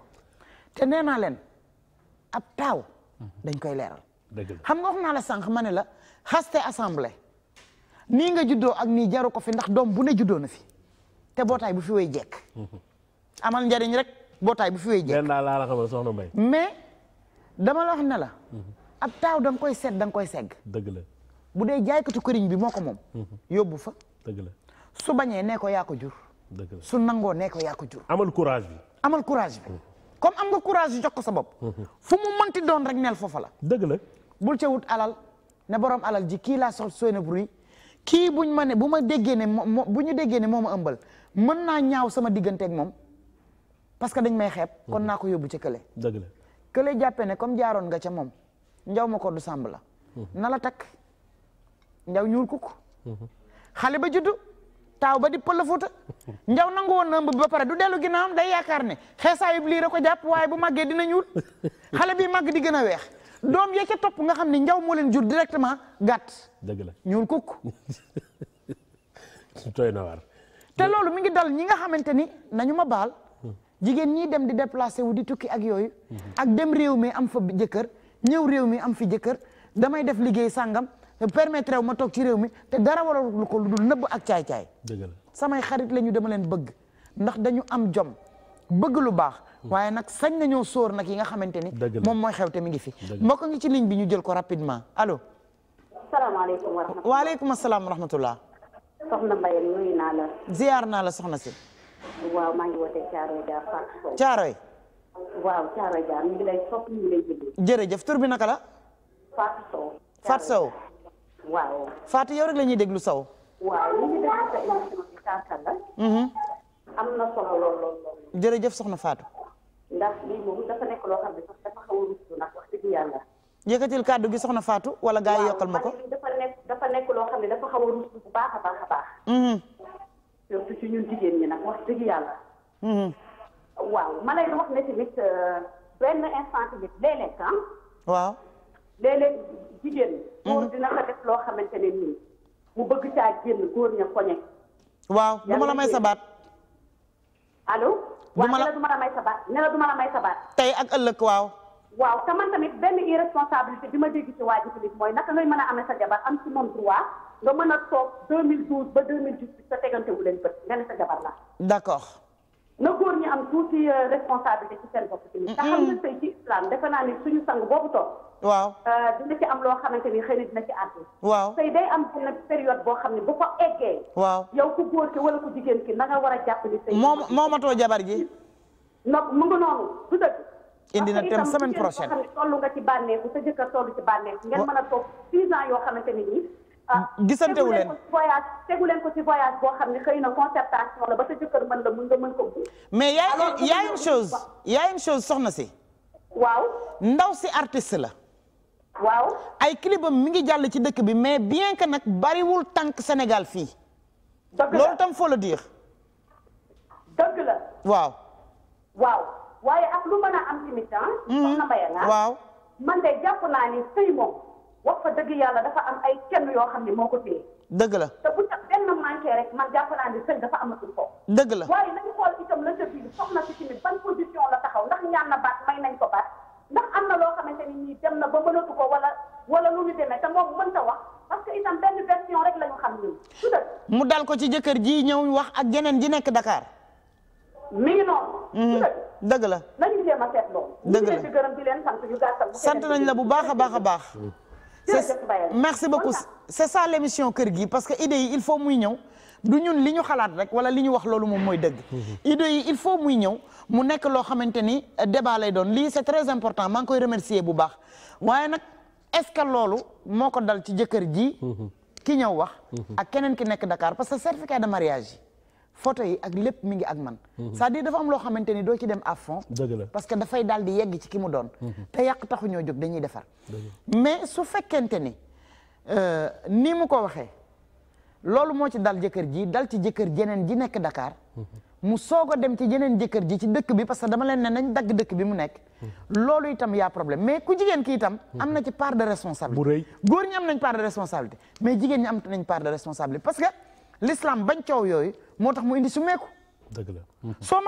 te nee naa leen ab taaw dañ koy leeral xam nga wax naa la sànq ma ne la xaste assemblée nii nga juddoo ak nii jaru ko fi ndax doom bu ne juddoo na fi te bootaay bu fi way jekk amal njariñ rek bootaay bu fi way jekk laa la xamal soxna Mbaye mais dama la wax ne la ab taaw da koy seet da koy segg dëgg la bu dee jaaykatu këriñ bi moo ko moom. Mhm. yóbbu fa. dëgg la su bañee nee ko yaa ko jur. su nangoo nee ko yaa ko jur. amal courage bi. amal courage mhm. comme am nga courage jox ko sa bopp. Mhm. fu mu mënti doon rek neel foofa la. dëgg la bul ca alal ne borom alal ji kii laa soxla sooy na kii buñ ma ne bu ma déggee ne moo bu ñu déggee ne moo ma ëmbal mën naa ñaaw sama digganteeg moom parce que dañ may xeeb. kon naa ko yóbbu ca kële. dëgg la kële jàppee ne comme jaaroon nga ca moom njaw ma ko du sàmb la. na takk. njaw ñuul kukk mhm. xale ba juddu taaw ba di pël fuuta njaw nangu woon na ëmb bi ba pare du dellu ginnaawam day yaakaar ne xeesaayub lii rek ko jàpp waaye bu màggee dina ñuul xale bi màgg di gën a weex doom ya ca topp nga xam ni njaw moo leen jur directement gàtt dëgg la ñuul kukk tooy te loolu mu ngi dal ñi nga xamante ni nañu ma baal hmm. jigéen ñii dem di déplacé wu di tukki ak yooyu hmm. ak dem réew mi am fa jëkkër ñëw réew mi am fi jëkkër damay def liggéey sàngam te permettre wu ma toog ci réew mi te dara waral lu ko lu dul nëbb ak caay-caay. dëgg samay xarit la ñu dama leen bëgg ndax dañu am jom bëgg lu baax. Mm. waaye nag sañ nañoo soor nag yi nga xamante ni. moom mooy xew te mi ngi fi. mbokk ngi ci ligne bi ñu jël ko rapidement alo salaamaaleykum wa salaam wa rahmatulah. naa la. soxna si. waaw maa ngi woote Thiaroye Dia Fatou. Thiaroye. bi naka la. Fatou Sow. waaw Fatou yow rek la ñuy déglu saw. waaw li mhm. am na solo lool lool jërëjëf soxna Fatou. ndax lii moom dafa nekk loo xam ne dëgg yàlla. yëkkatil kàddu gi soxna Fatou wala gaa yi yokkal ma ko. dafa nekk dafa nekk loo xam ne dafa xaw a bu baax a baax a baax. Mhm. surtout ci ñun jigéen ñi wax dëgg yàlla. Mhm. waaw ma lay ne tamit euh, benn instant tamit ah. waaw. léeg-léeg jigéen. Mhm. góor dina ko def loo xamante ne nii mu bëgg caa génn góor ña koñe. waaw du ma la may sabaat. allo. du ma la waaw ne la du ma la may sabaat ne la du ma la may sabaat. tey ak ëllëg waaw. waaw te man tamit benn irresponsabilité bi ma dégg ci waa ji tamit mooy naka ngay mën a amee sa jabar am ci moom droit nga mën a toog 2012 ba 2018 sa tegante leen bët nga ne sa jabar la. d'accord. na góor ñu am tuuti euh, responsabilité ci seen bopp tamit. te xam nga sëy ci defe naa ni suñu sang boobu toog. waaw euh, dina ci am loo xamante ni xëy na dina ci àddu waaw sëy day am benn période boo xam ne bu ko eggee waaw yow ku góor ki wala ku jigéen ki na nga war a jàpp ni sëy moom moomatoo jabar ji nag mu ngi noonu du dëgg indi na tem semaine prochaine parce toll nga ci bànneeku sa jëkkër toll ci bànneeku ngeen mën a toog six yoo xamante ni nii ah, gisantewu leen voyage tegu leen ko ci voyage boo xam ne xëy na concertation la ba sa jëkkër mën la mën nga mën ko bu mais yaay yaay une chose yaay une soxna si si artiste la waaw ay clipam mi ngi jàll ci dëkk bi mais bien que nag bariwul tànk Sénégal fii. dëgg la loolu tam faut le dire. dëgg la. waaw. waaw waaye ak lu mën a am tamit ah. Hmm. ah. waaw. man de jàpp naa ni sëy moom wax fa dëgg yàlla dafa am ay kenn yoo xam ne moo ko téye. dëgg la te bu ca benn manqué rek man jàpp naa ni sëy dafa amatul ko. dëgg la waaye nañu xool itam la ca biir soxna si tamit ban position la taxaw ndax ñaan na baat may nañ ko ndax am na loo xamante ni nii dem na ba mënatu ko wala wala lu ñu demee te moom mënta wax parce que itam benn version rek la ñu xam ñun mu dal ko ci jëkkër ji ñëw wax ak geneen ji nekk Dakar. mi ngi noonu. Mhm. dëgg la nañu jéem a seet loolu. dëgg la ñu leen di sant nañ la bu baax a baax a baax. jërëjëf merci beaucoup c'est ça l'émission kër gi parce que idée yi il faut muy ñëw. du ñun li ñu xalaat rek wala li ñu wax loolu moom mooy dëgg mhm. idée il faut muy ñëw mu nekk loo xamante ni euh, débat lay doon lii c'est très important maa ngi koy remercier bu baax waaye nag est-ce que loolu moo ko dal ci jëkkër ji mhm. ki ñëw wax mhm. ak keneen ki nekk dakaar parce que certificat de mariage yi photo yi ak lépp mu ngi ak man c'est-à-dire dafa am loo xamante ni doo ci dem à fond dëgg parce que dafay daal di yegg ci ki mu doon te yàq taxu ñoo jóg dañuy defar mais su fekkente ni euh, ni mu ko waxee loolu moo ci dal jëkkër ji dal ci jëkkër jeneen ji nekk dakaar mu soog a dem ci jeneen jëkkër ji ci dëkk bi parce que dama leen ne nañ dagg dëkk bi mu nekk loolu itam yaa problème mais ku jigéen ki itam am na ci part de responsabilité bu rëy góor ñi am nañ part de responsabilité mais jigéen ñi am nañ part de responsabilité parce que l'islam bañ coow yooyu moo tax mu indi su dëgg la mhm. soo mhm.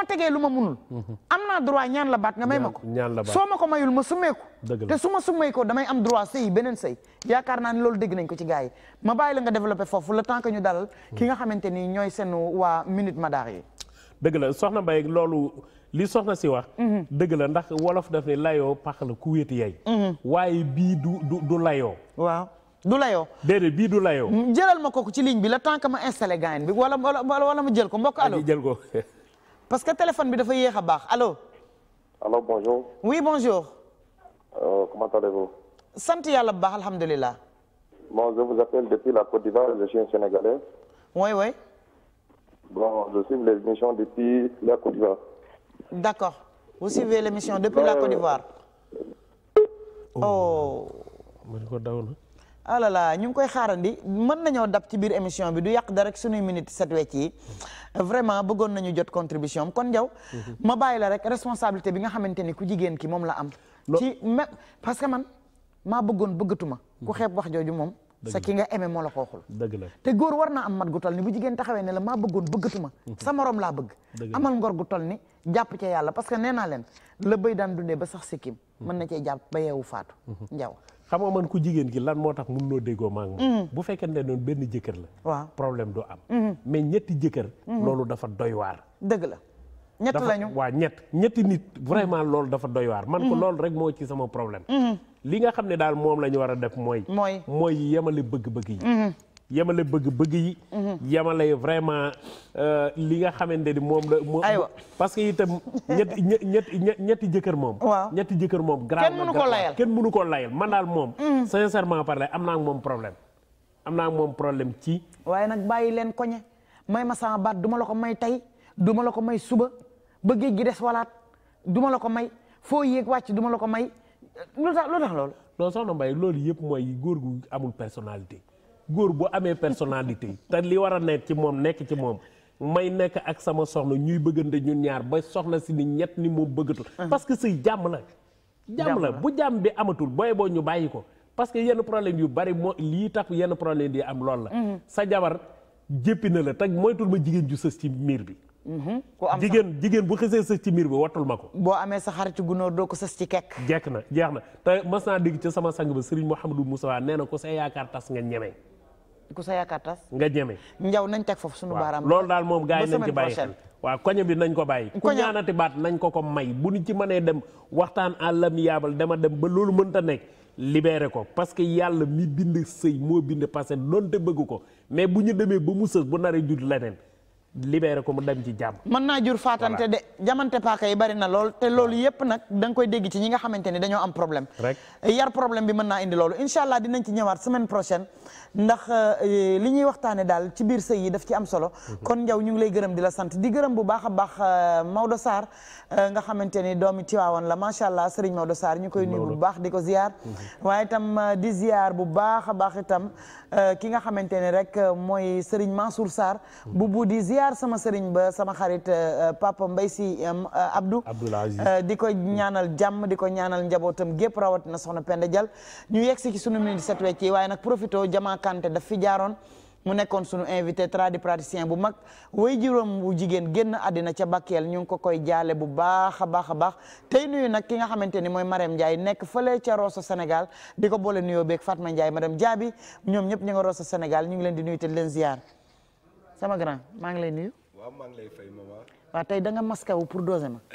la baat nga may ma ko soo ma ko mayul ma summeeku te su ma summee ko damay am droit sëy beneen sëy yaakaar naa ni loolu dégg nañ ko ci gars yi ma la nga développé foofu le temps que ñu dalal ki nga la soxna Mbaye loolu li soxna si wax mhm. dëgg la ndax wolof daf ne layoo pax la ku wéeti yay waaye bii du du du layoo waaw du layoo déedéet bii du layoo mm, jëlal ma kooku ci ligne bi la tant que ma installé gaayen bi wala wala ma jël ko mbokk allo jël ko parce que téléphone bi dafa yéex a baax allo allo bonjour oui bonjour euh, comment allez-vous sant yàlla bu baax alhamdulilah bon je vous appelle depuis la Côte d'Ivoire je suis un Sénégalais oui oui bon je suis les émissions depuis la Côte d'Ivoire d'accord vous suivez l'émission depuis ouais, la Côte d'Ivoire oh. oh. ah là ñu ngi koy xaarandi mën nañoo dab ci biir émission bi du yàq dara rek suñuy minute set wecc yi vraiment bëggoon nañu jot contribution kon njaw ma bàyyi la rek responsabilité bi nga xamante ni ku jigéen ki moom la am. ci même parce que man maa bëggoon bëggatuma. ku xeeb wax jooju moom. sa ki nga aimé moo la xooxul. dëgg la te góor war naa am mat gu toll ni bu jigéen taxawee ne la maa bëggoon bëggatuma. Mhm. sa morom laa bëgg. amal ngor gu toll ni jàpp ca yàlla parce que nee naa leen la bëy daan dundee ba sax sikkim mhm. mën na cee jàpp ba yeewu faatu mhm. njaw xam nga man ku jigéen gi lan moo tax mun noo déggoo maa ngi mm. bu fekkee ne noonu benn jëkkër la waaw problème doo am mm-hmm. mais ñetti jëkkër mm-hmm. loolu dafa doy waar dëgg la ñett lañu waa ñett ñetti nit vraiment loolu dafa doy waar man ko mm-hmm. loolu rek moo ci sama problème li nga xam ne daal moom la ñu war a def mooy mooy yemale bëgg-bëgg yi yemale bëgg-bëgg yi. Mhm. yemale vraiment euh, li nga xamante ni moom la. moom parce que itam ñetti ñetti ñetti jëkkër moom. waaw ñetti jëkkër moom. grave kenn mënu ko layal kenn mënu koo layal man daal moom. Mhm. sincèrement parler am naa ak moom problème. am naa ak moom problème ci. waaye nag bàyyi leen koñe may ma sama baat duma la ko may tey duma la ko may suba ba géej gi des walaat duma la ko may foo yéeg wàcc duma la ko may lu tax lu tax loolu. non soxna Mbaye loolu yëpp mooy góor gu amul personnalité. góor bu amee personnalité te li war a nekk ci moom nekk ci moom may nekk ak sama soxna ñuy bëggante ñun ñaar ba soxna si ni ñett ni moom bëggatul. Ah. parce que sëy jàmm la. jàmm la bu jàmm bi amatul booy boo ñu bàyyi ko. parce que yenn problème yu bari moo lii tax yenn problème di am lool la. Mhm. sa jabar jéppi na la te moytul ma jigéen ju sës ci miir bi. Mhm. ku jigéen jigéen bu xësee sës ci miir bi wattul ma ko. boo amee sa xaritu gunóor doo ko sës ci kekk. jekk na jeex na te mas naa dégg ca sama sang ba Serigne Mouhamadou Moussa nee na ko sa yaakaar tas nga ñeme. ku sa yaakaar tas nga ñeme njaw nañ teg foofu sunu baaraam loolu daal moom gars yi nañ ci bàyyi xel waaw koño bi nañ ko bàyyi ku ñaanati baat nañ ko ko may bu ñu ci mënee dem waxtaan àllam yaabal dama dem ba loolu mënta nekk libéré ko parce que yàlla mi bind sëy moo bind parce que donte bëgg ko mais bu ñu demee ba mu sës bu naree jur leneen libéré ko mu dem ci jàmm. mën naa jur faatante de jamante paaka yi bari na lool te loolu yépp nag da koy dégg ci ñi nga xamante ni dañoo am problème. rek yar problème bi mën naa indi loolu incha allah dinañ ci ñëwaat semaine prochaine ndax euh, li ñuy waxtaanee daal ci biir sëy yi daf ci am solo. Mhm. kon njaw ñu ngi lay gërëm di la sant di gërëm bu baax a baax euh, Maodo saar euh, nga xamante ni doomi Tiwaawan la macha allah Serigne Maodo saar ñu koy nuyu bu baax di ko ziar. Mhm. waaye itam di ziar bu baax a baax itam ki nga xamante ni rek mooy Serigne Mansour Sarr mhm. bu ziar sama sëriñ ba sama xarit euh, euh, papa Mbay si euh, Abdou. Abdoul Aziz di ko ñaanal jàmm di ko ñaanal njabootam gépp rawatina soxna Penda Dial. ñu yegg si ci sunu minute set wecc waaye nag profito Jama Kanté fi jaaroon. mu nekkoon sunu invité tradipraticien bu mag way juróom jigéen génn àddina ca Bakel ñu ngi ko koy jaale bu baax a baax a baax tey nuyu nag ki nga xamante ni mooy Marème Ndiaye nekk fële ca Rosso Sénégal di ko boole nuyoo beeg Fatma Ndiaye madame Diaby ñoom ñëpp ñu nga Sénégal ñu ngi leen di nuyu te leen ziar. sama grand maa ngi lay nuyu. waaw maa ngi lay fay maman. waaw tey danga nga maskaw pour doser ma.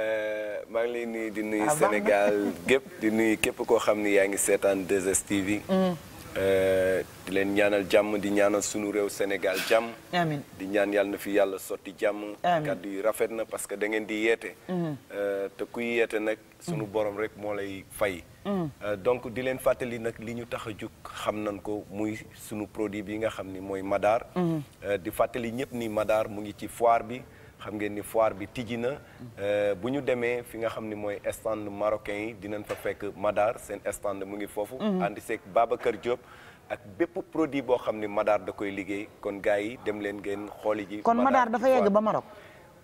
Eh, maa ngi lay nuyu di nuyu ah, Sénégal gépp di nuyu képp koo xam ni yaa ngi seetaan des 2STV. Mm. di leen ñaanal jàmm di ñaanal sunu réew Sénégal jàmm. di ñaan yàlla na fi yàlla sotti jàmm. amiin kàddu yi rafet na parce que da ngeen di yeete. Mhm. Euh, te kuy yeete nag. sunu mhm. borom rek moo lay fay. Mhm. Euh, donc di leen fàttali nag li ñu tax a jóg xam nañ ko muy sunu produit bi nga xam ni mooy Madaar. Euh, di fàttali ñëpp ni Madaar mu ngi ci foir bi. xam ngeen ni foire bi tijji na euh, bu ñu demee fi nga xam ni mooy stand marocain yi dinañ fa fekk Madar seen stand mu ngi foofu mhm. ànd seeg Babacar Diop ak bépp produit boo xam ni Madar da koy liggéey kon gars yi dem leen ngeen xooli ji kon Madar dafa yegg ba Maroc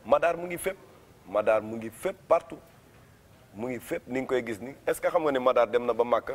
madaar mu ngi fépp Madar mu ngi fépp partout mu ngi fépp ni nga koy gis ni est-ce que xam nga ne Madar dem na ba Màkka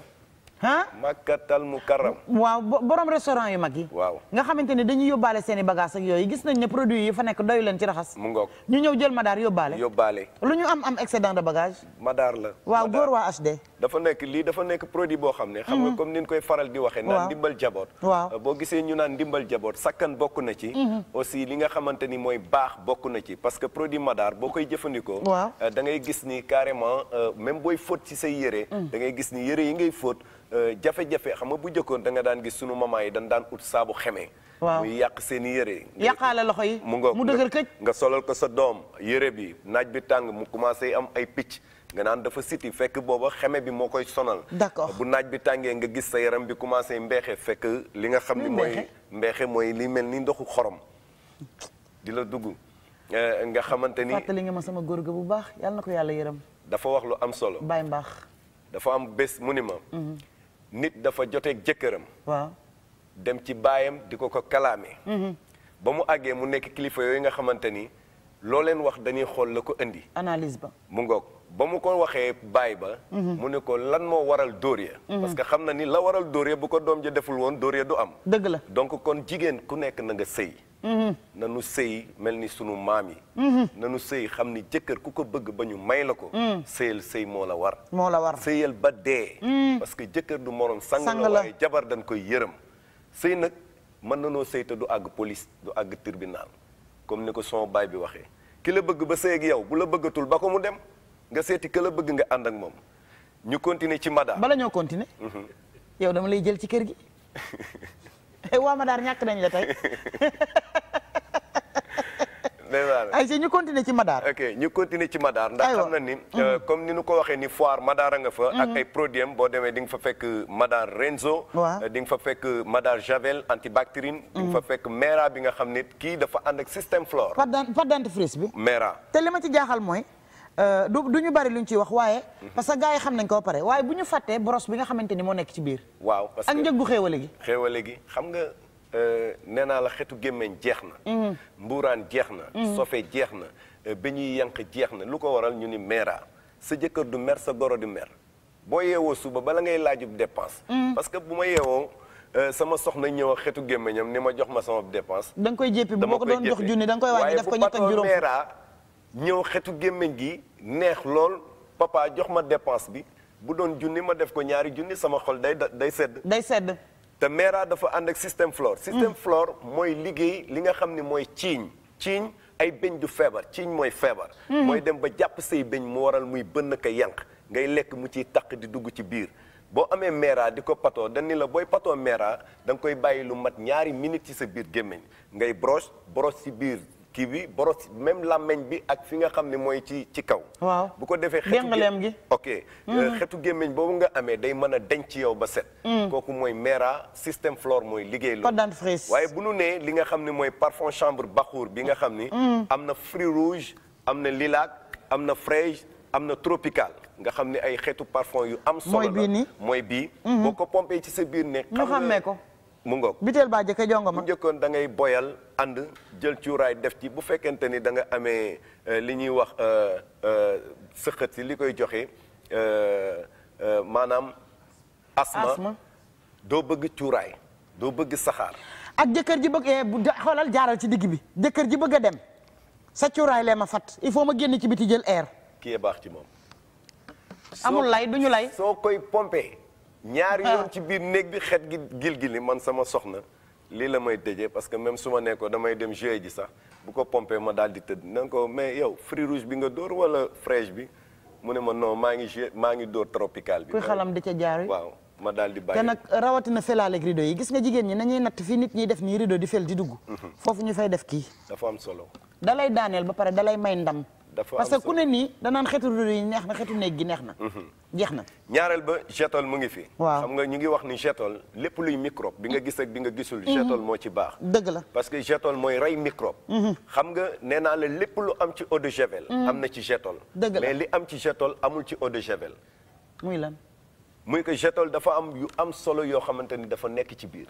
ah makkatal mukarram waaw borom restaurant yu mag yi waaw nga xamante ne dañuy yóbbaale seen i bagage ak yooyu gis nañ ne produit yi fa nekk doyu leen ci raxas mu ngook ñu ñëw jël madaar yóbbaale yóbbaale lu ñu am am excédent de bagage madaar la waaw góor waa HD dafa nekk lii dafa nekk produit boo xam ne xam nga mhm. comme ni ñu koy faral di waxee naan ndimbal jaboot waaw euh, boo gisee ñu naan ndimbal jaboot sakkan bokk na ci mhm. aussi li nga xamante ni mooy baax bokk na ci parce que produit madaar boo jëfandikoo waaw euh, da ngay gis ni carrément euh, même booy fóot ci say yére mhm. da gis ni yére yi ngay fóot Euh, jafe-jafe xam nga bu njëkkoon da nga daan gis suñu maman yi dañ daan ut saabu xeme. waaw yàq seeni yére. yàqaale loxo yi mu dëgër këj nga solal ko sa doom yére bi naaj bi tàng mu commencé am ay picc. nga naan dafa siti fekk booba xeme bi moo koy sonal. d'accord bu naaj bi tàngee nga gis sa yaram bi commencé mbeexe fekk li nga xam ni mooy mbeexe mooy li mel ni ndoxu xorom di la dugg euh, nga xamante ni fàttali nga ma sama góor ga bu baax yàlla na ko yàlla yërëm dafa wax lu am solo baay am bés mu ni ma mhm. nit dafa joteek jëkkëram. dem ci baayam di ko ko kalaame. Mhm. ba mu àggee mu nekk kilifa yooyu nga xamante ni loo leen wax dañuy xool la ko indi. analise ba mu ngoog ba mu ko waxee baay ba. Mhm. mu ne ko lan moo waral dóor ya. Mhm. parce xam na ni la waral dóor ya bu ko doom ja deful woon dóor ya du am. dëgg la donc kon jigéen ku nekk na nga sëy. Mm-hmm. nanu sëy mel ni sunu maam yi mm-hmm. nanu sëy xam ni jëkkër ku ko bëgg ba ñu may la ko mm. sëyal sëy moo la war moo la war sëyal ba dee mm. parce que jëkkër du morom sang la waaye jabar dañ koy yërëm sëy nag mën nanoo sëy te du àgg police du àgg tribunal comme ni ko soo baay bi waxee ki la bëgg ba sëy ak yow bu la bëggatul ba ko mu dem nga seeti ki bëgg nga ànd ak moom ñu continuer ci mada bala ñoo continuer mm-hmm. yow dama lay jël ci kër gi Eh, waa ma daar ñàkk nañ la tey. ay si ñu continuer ci Madaar. ok ñu continuer ci Madaar. ndax xam na ni. Mm. Euh, comme ni nu ko waxee ni foire Madaar nga fa. ak mm-hmm. ay produits boo demee di nga fa fekk Madaar Renzo. Euh, di nga fa fekk Madaar Javel antibactérine. di nga fa mm. fekk Mera bi nga xam ne kii dafa ànd ak système flore. pâte dentifrice bi. Mera te li ma ci jaaxal mooy. Euh, du du ñu bari lu ñu ciy wax waaye. parce que gars yi xam nañ koo ba pare waaye bu ñu fàttee boros bi nga xamante ni moo nekk ci biir. waaw parce que ak njëggu xéewale gi. xéewale gi xam nga euh, nee naa la xetu gémmeñ jeex na. Mhm. mbuuraan jeex na. Mhm. sofe jeex na euh, ba ñuy yànq jeex na lu ko waral ñu ni meera sa jëkkër du mer sa goro du mer boo yeewoo suba bala ngay laajub dépense. Mhm. parce que bu ma yeewoo. sama soxna ñëw ak xetu gémmeñam ni ma jox ma sama dépense. da nga koy jéppi bu ma ko doon jox junni da nga koy wàññi def ko ñett ak juróom ñëw xetu gémmiñ gi neex lool papa jox ma depanse bi bu doon junni ma def ko ñaari junni sama xol day day sedd. day sedd. te meeraa dafa ànd ak système flore. Mm. système flore mooy liggéey li nga xam ni mooy ciiñ. ciiñ ay bëñ du feebar ciiñ mooy feebar. Mm. mooy dem ba jàpp say bëñ mu waral muy bënn ka yànq ngay lekk mu ciy taq di dugg ci biir. boo amee meeraa di ko patoo dañ la booy patoo Mera danga koy bàyyi lu mat ñaari minutes ci sa biir gémmiñ ngay broche broche biir. kii bi boros même làmmeñ bi ak fi nga xam ne mooy ci ci kaw. bu ko defee xetu gi ok euh, mhm. xetu gémmiñ boobu nga amee day mën a ci yow ba set. Mhm. kooku mooy mera système flore mooy liggéey loolu. waaye bu nu nee li nga xam ne mooy parfum chambre baxuur bi nga xam ni. Mhm. am na fruit rouge am na lilac am na fraise am na tropical. nga xam ne ay xeetu parfum yu am. solo mooy bii nii boo ko pompé ci sa biir ne. ñu xàmmee ko mu ngoog biteel baa jëkke jongo ma bu njëkkoon dangay ngay boyal ànd jël cuuraay def ci bu fekkente ni da nga amee euh, li ñuy wax euh, euh, sëqët si li koy joxe maanaam asma doo bëgg cuuraay doo bëgg saxaar ak jëkkër ji bëgg eh, bu xoolal jaaral ci digg bi jëkkër ji bëgg a dem sa cuuraay lee ma fat il faut ma génn ci biti jël air kii baax ci moom amul lay duñu lay soo koy pompé ñaari ah. yoon ci biir néeg bi xet gi gil-gili man sama soxna lii la may tëjee parce que même su ma nekkoon damay dem jouer ji sax bu ko pompé ma daal di tëdd na ko mais yow fruit rouge bi nga dóor wala fraîche bi mu ne ma non maa ngi jouer maa ngi dóor tropical bi. kuy xalam di ca jaar waaw ma daal di bàyyi. te nag rawatina felaaleeg rideau yi gis nga jigéen ñi nañuy natt fii nit ñiy def nii rideau di fel di dugg. Mhm. foofu ñu fay def kii. dafa am solo. da ba pare da may ndam. dafa parce que ku ne nii danaan xeetu rëdd na xeetu néeg gi neex na. Mhm. jeex na ñaareel ba jetol mu ngi fi. waaw xam nga ñu ngi wax ni jetol lépp luy microbe bi nga gis ak bi nga gisul. jetol mhm. moo ci baax. dëgg la parce que jetol mooy rey microbe. Mhm. xam nga nee naa la lépp lu am ci eau de javel. am na ci jetol. dëgg la mais li am ci jetol amul ci eau de javel. muy lan. muy que jetol dafa am yu am solo yoo xamante ni dafa nekk ci biir.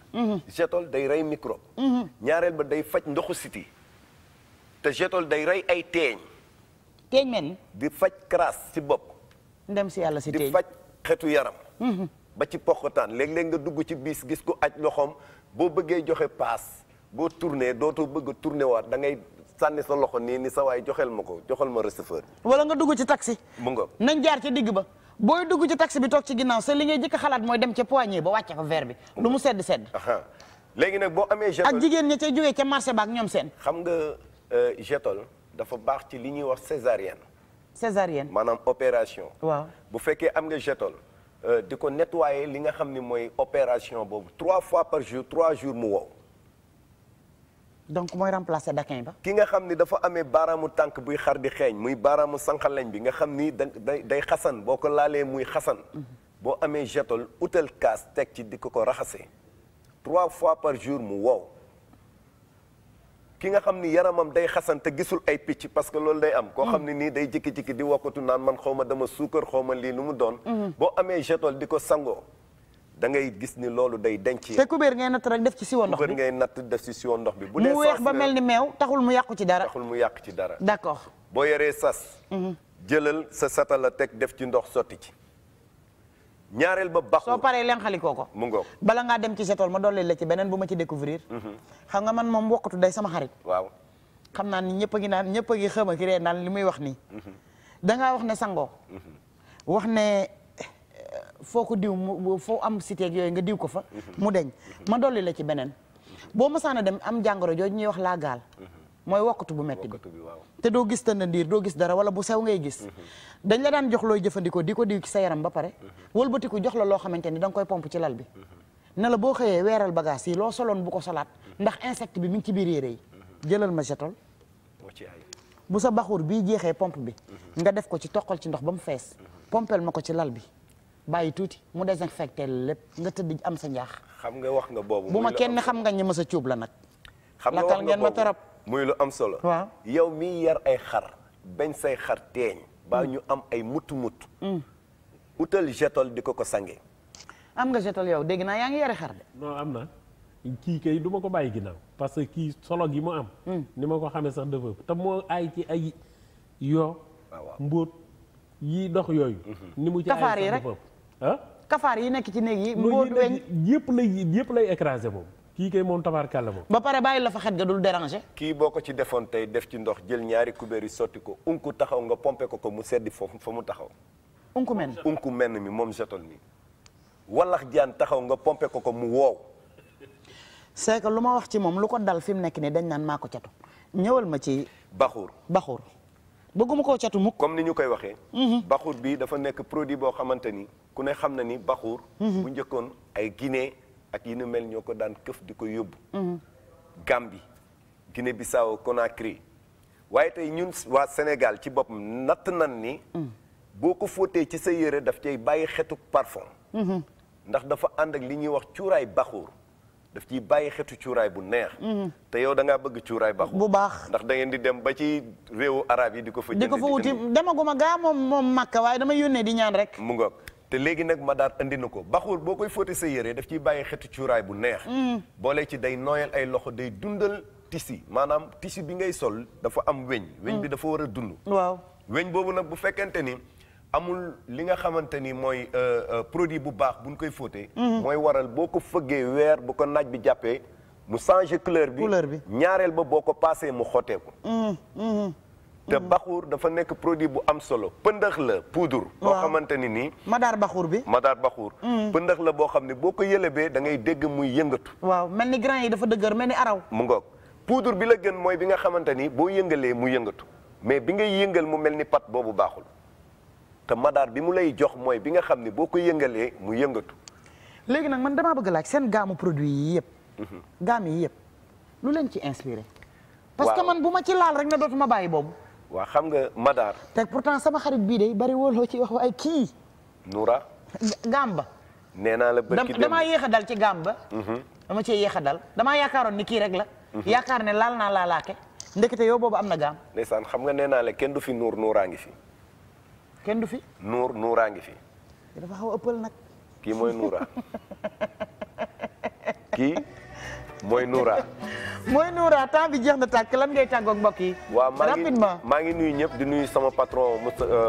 jetol day rey microbe. ñaareel ba day faj ndoxu siti te day rey ay teeñ. teeñ men di faj karaas ci bopp. dem si yàlla si teeñ di faj xetu yaram. Mhm. ba ci taan léeg-léeg nga dugg ci biis gis ko ak loxoom boo bëggee joxe paas boo tourné dootoo bëgg a tourné waat da ngay sànni sa loxo nii ni sa waay joxel ma ko joxel ma receveur. wala nga dugg ci taxi. mu nga nañ jaar ci digg ba. booy dugg ci taxi bi toog ci ginnaaw sa li ngay jëkk xalaat mooy dem ca poignée ba wàcce fa verre bi lu mu sedd sedd. léegi nag boo amee. jetol ak jigéen ña ca jógee ca marché ba ñoom seen. xam nga euh, jetol dafa baax ci li ñuy wax césarienne. césarienne maanaam opération. waaw bu fekkee am nga jetol euh, di ko nettoyer li nga xam ni mooy opération boobu trois fois par jour trois jours mu wow. donc mooy remplacer dakin ba. ki nga xam ni dafa amee baaraamu tànk buy xar di xeeñ muy baaraamu sànqaleñ bi nga xam ni day day xasan boo ko laalee muy xasan. Mhm. boo amee jetol utal kaas teg ci di ko ko raxasee. trois fois par jour mu wow. ki nga xam ni yaramam day xasante gisul ay picc parce que loolu day am koo xam ne nii day jikki-jikki di wokkatu naan man xaw ma dama suukar xaw ma lii nu mu doon mhm. boo amee jetol di ko sangoo da ngay gis ni loolu day denc te kubéer ngay natt rek def ci siwo ndox bi ngay natt def ci siwo ndox bi bu dee mu weex ba mel ni meew taxul mu yàqu ci dara taxul mu yàq ci dara d'accord boo yoree sas mhm. jëlal sa satala teg def ci ndox sotti ci ñaareel ba bàqu soo paree leen xalikoo ko mu ngoog bala ngaa dem ci sa tool ma dolli la ci beneen bu ma ci découvrir mhm. xam nga man moom wokkatu day sama xarit waaw xam naa ni ñëpp a ngi naan ñëpp a ngi xëma ki ree naan li muy wax nii mhm. dangaa wax ne sangoo mhm. wax ne eh, foo ko diw foo am cité yooyu nga diw ko fa mu deñ ma dolli la ci beneen boo mësaan a dem am jàngoro jooju ñuy wax laa gaal mooy wokkatu bu metti bi te doo gis tënna ndiir doo gis dara wala bu sew ngay gis mhm. dañ la daan jox looy jëfandikoo di ko diw ci sa yaram ba pare mhm. wëlbatiku jox la loo xamante ni da nga koy pomp ci lal bi mhm. ne la boo xëyee weeral bagage yi loo soloon bu ko solaat ndax bi mi ngi ci biir yére yi jëlal ma setol bu sa baxuur bii jeexee pompe bi nga def ko ci toqal ci ndox ba mu fees pompel ma ko ci lal bi bàyyi tuuti mu désinfecté lépp nga tëdd am sa njaax xam nga wax nga boobu bu ma kenn xam nga ñi ma sa cuub la nag lakkal ngeen ma torop muy lu am solo. waaw yow miy yar ay xar bañ say xar teeñ. ba mm. ñu am ay mutu mut mm. utal jetol di ko ko sange. am nga jetol yow dégg naa yaa ngi yare xar de. non am na kii kay du ma ko bàyyi ginnaaw parce que kii solo gi mu am. Mm. ni ma ko xamee sax dafa te moo ay ci ay yoo. Ah, mbóot yi dox yooyu. Mm-hmm. ni mu ci ay sax dafa ah? kafaar yi nekk ci néeg yi. mbóot weñ yëpp lay yëpp lay écrasé moom. kii kay moom tabaarkàlla moom. ba pare bàyyi la fa xet ga dul déranger. kii boo ko ci defoon tey def ci ndox jël ñaari kubéer yi sotti ko unku taxaw nga pompe ko ko mu seddi foofu fa mu taxaw. unku men unku men mi moom jotol mi wallax jaan taxaw nga pompe ko ko mu woow. c'est que lu ma wax ci moom lu ko dal fi mu nekk nii dañ naan maa ko catu ñëwal ma ci. baxuur baxuur bëgguma koo catu mukk comme ni ñu koy waxee. Mhm. baxuur bi dafa nekk produit boo xamante ni xam na ni baxuur. Mhm. bu njëkkoon ak yi nu mel ñoo ko daan këf di ko yóbbu. Mm-hmm. Gambie Guinée Bissau Conakry waaye tey ñun waa Sénégal ci boppam natt na ni. Mm. boo ko fóotee ci sa yére daf cay bàyyi xetu parfum. Mm-hmm. ndax dafa ànd ak li ñuy wax cuuraay baxuur daf ciy bàyyi xetu cuuraay bu neex. Mm-hmm. te yow da ngaa bëgg cuuraay baxuur bu baax ndax da ngeen di dem ba ci réewu arab yi di ko fa. jënd di ko fa wuti demaguma gaa moom moom Makka waaye dama yónnee di ñaan rek. mu te léegi nag ma daat andi na ko baxul boo koy fóotee sa yére daf ciy bàyyi xetu cuuraay bu neex mm. boole ci day nooyal ay loxo day dundal tissu maanaam tissu bi ngay sol dafa am weñ mm. weñ bi dafa war a dund waaw weñ boobu nag bu fekkente ni amul li nga xamante ni mooy euh, euh, produit bu baax buñ koy fóotee mm-hmm. mooy waral boo ko fëggee weer bu ko naaj bi jàppee mu changé couleur bi ñaareel ba boo ko paasee mu xottee ko mm-hmm. mm-hmm. te baxuur dafa nekk produit bu am solo pëndax la poudre boo xamante ni nii madaar baxuur bi madaar baxuur mm. pëndax la boo xam ne boo ko yëlebee dangay ngay dégg muy yëngatu waaw mel ni grain yi dafa dëggër mel ni araw mu ngoog poudre bi la gën mooy bi nga xamante ni boo yëngalee mu yëngatu mais bi ngay yëngal mu mel ni pat boobu baaxul te madaar bi mu lay jox mooy bi nga xam ne boo ko yëngalee mu yëngatu léegi nag man damaa bëgg laaj seen gaamu produit yi yëpp mhm. gaam yi yëpp lu leen ci inspiré parce que man bu ma ci laal rek na dootuma bàyyi boobu waa xam nga Madaar. te pourtant sama xarit bii day bari wóoloo ci wax ay kii. Noura. Gamba. nee naa la barki damaa yéex a dal ci Gamba. Mhm. dama cee yéex dal dama yaakaaroon ni kii rek la. Mhm. yaakaar ne laal naa laalaake. ndekete yow boobu am na gaam. ndeysaan xam nga nee naa la kenn du fi nuur nuuraa ngi fi. kenn du fi. nuur nuuraa ngi fi. dafa xaw a nag. kii mooy nuuraa kii. mooy Noura. mooy Noura temps bi jeex na tàkk lan ngay tàggoog mbokk yi. waaw maa ngi maa ngi nuyu ñëpp di nuyu sama patron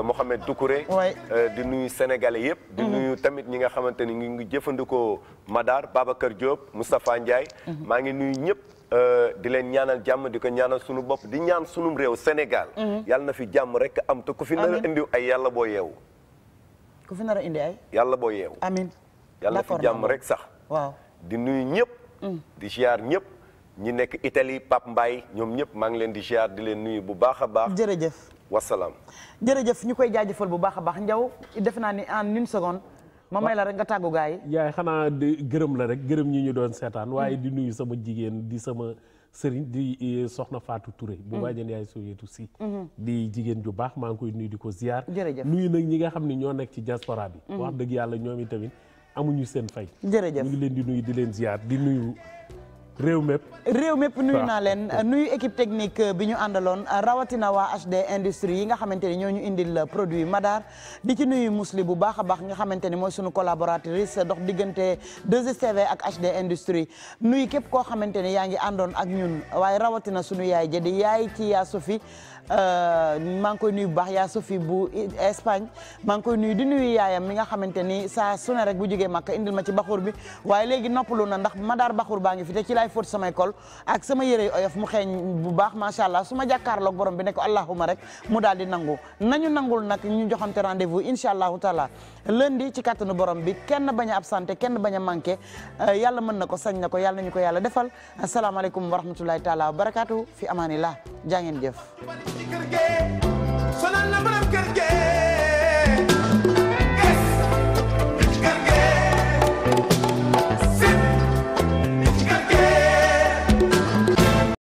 Mouhamed euh, Doucouré. Euh, di nuyu sénégalais yëpp. di mhm. nuyu tamit ñi nga xamante ni ñu ngi jëfandikoo Madar kër Diop mustafa Ndiaye. Mhm. maa ngi nuyu ñëpp. Euh, di leen ñaanal jàmm di ko ñaanal sunu bopp di ñaan sunum réew Sénégal. Mhm. yàlla na fi jàmm rek am te ku fi nar a ay yàlla boo yeewu. fi nar a yàlla boo yeewu. amiin yàlla fi jàmm rek sax. di nuyu ñëpp. Mm. di ziar ñëpp ñi nekk Italie Pape Mbaye ñoom ñëpp maa ngi leen di ziar di leen nuyu bu baax a baax. jërëjëf wasalaam. jërëjëf ñu koy jaajëfal bu baax a baax njaw defe naa ni en une seconde. ma may la rek nga tàggu gaa yi. yaay xanaa gërëm la rek gërëm ñi ñu doon seetaan mm. waaye di nuyu sama jigéen di sama. sëriñ di e, soxna Fatou Touré. bu mm. bàjjen yaay soyeetu si. Mm-hmm. di jigéen ju baax maa ngi koy nuyu di ko ziar. nuyu nag ñi nga xam ne ñoo nekk ci diaspora bi. yàlla ñoom itamit. amuñu seen fay. jërëjëf ñu leen di nuyu di leen ziar di nuyu. réew mépp réew mépp nuyu naa leen nuyu équipe technique bi ñu àndaloon rawatina waa HD industrie yi nga xamante ni ñoo ñu indil produit Madar di ci nuyu Mousli bu baax a baax nga xamante ni mooy sunu collaboratrice dox diggante 2STV ak HD industrie nuyu képp koo xamante ni yaa ngi àndoon ak ñun waaye rawatina sunu yaay ja di yaay ci yaa Sophie Euh, maa ngi koy nuyu bu baax yaa Sophie bu Espagne maa ngi koy nuyu di nuyu yaayam mi nga xamante ni saa su rek bu jógee màkk indi ma ci baxur bi waaye léegi noppalu na ndax ma daal baxur baa ngi fi te ci laay fóot samay kol ak sama yére oyof mu xeeñ bu baax macha allah su ma jàkkaarloog borom bi ne ko allahuma rek mu daal di nangu nañu nangul nag ñu joxante rendez-vous incha allahu taala lundi ci kàttanu borom bi kenn bañ a absenté kenn bañ a manqué euh, yàlla mën na ko sañ na ko yàlla nañu ko yàlla defal asalaamaaleykum wa rahmatullahi taala wa barakaatu fi amaanillah jaa ngeen jëf ci kër gee sonal na borom kër gee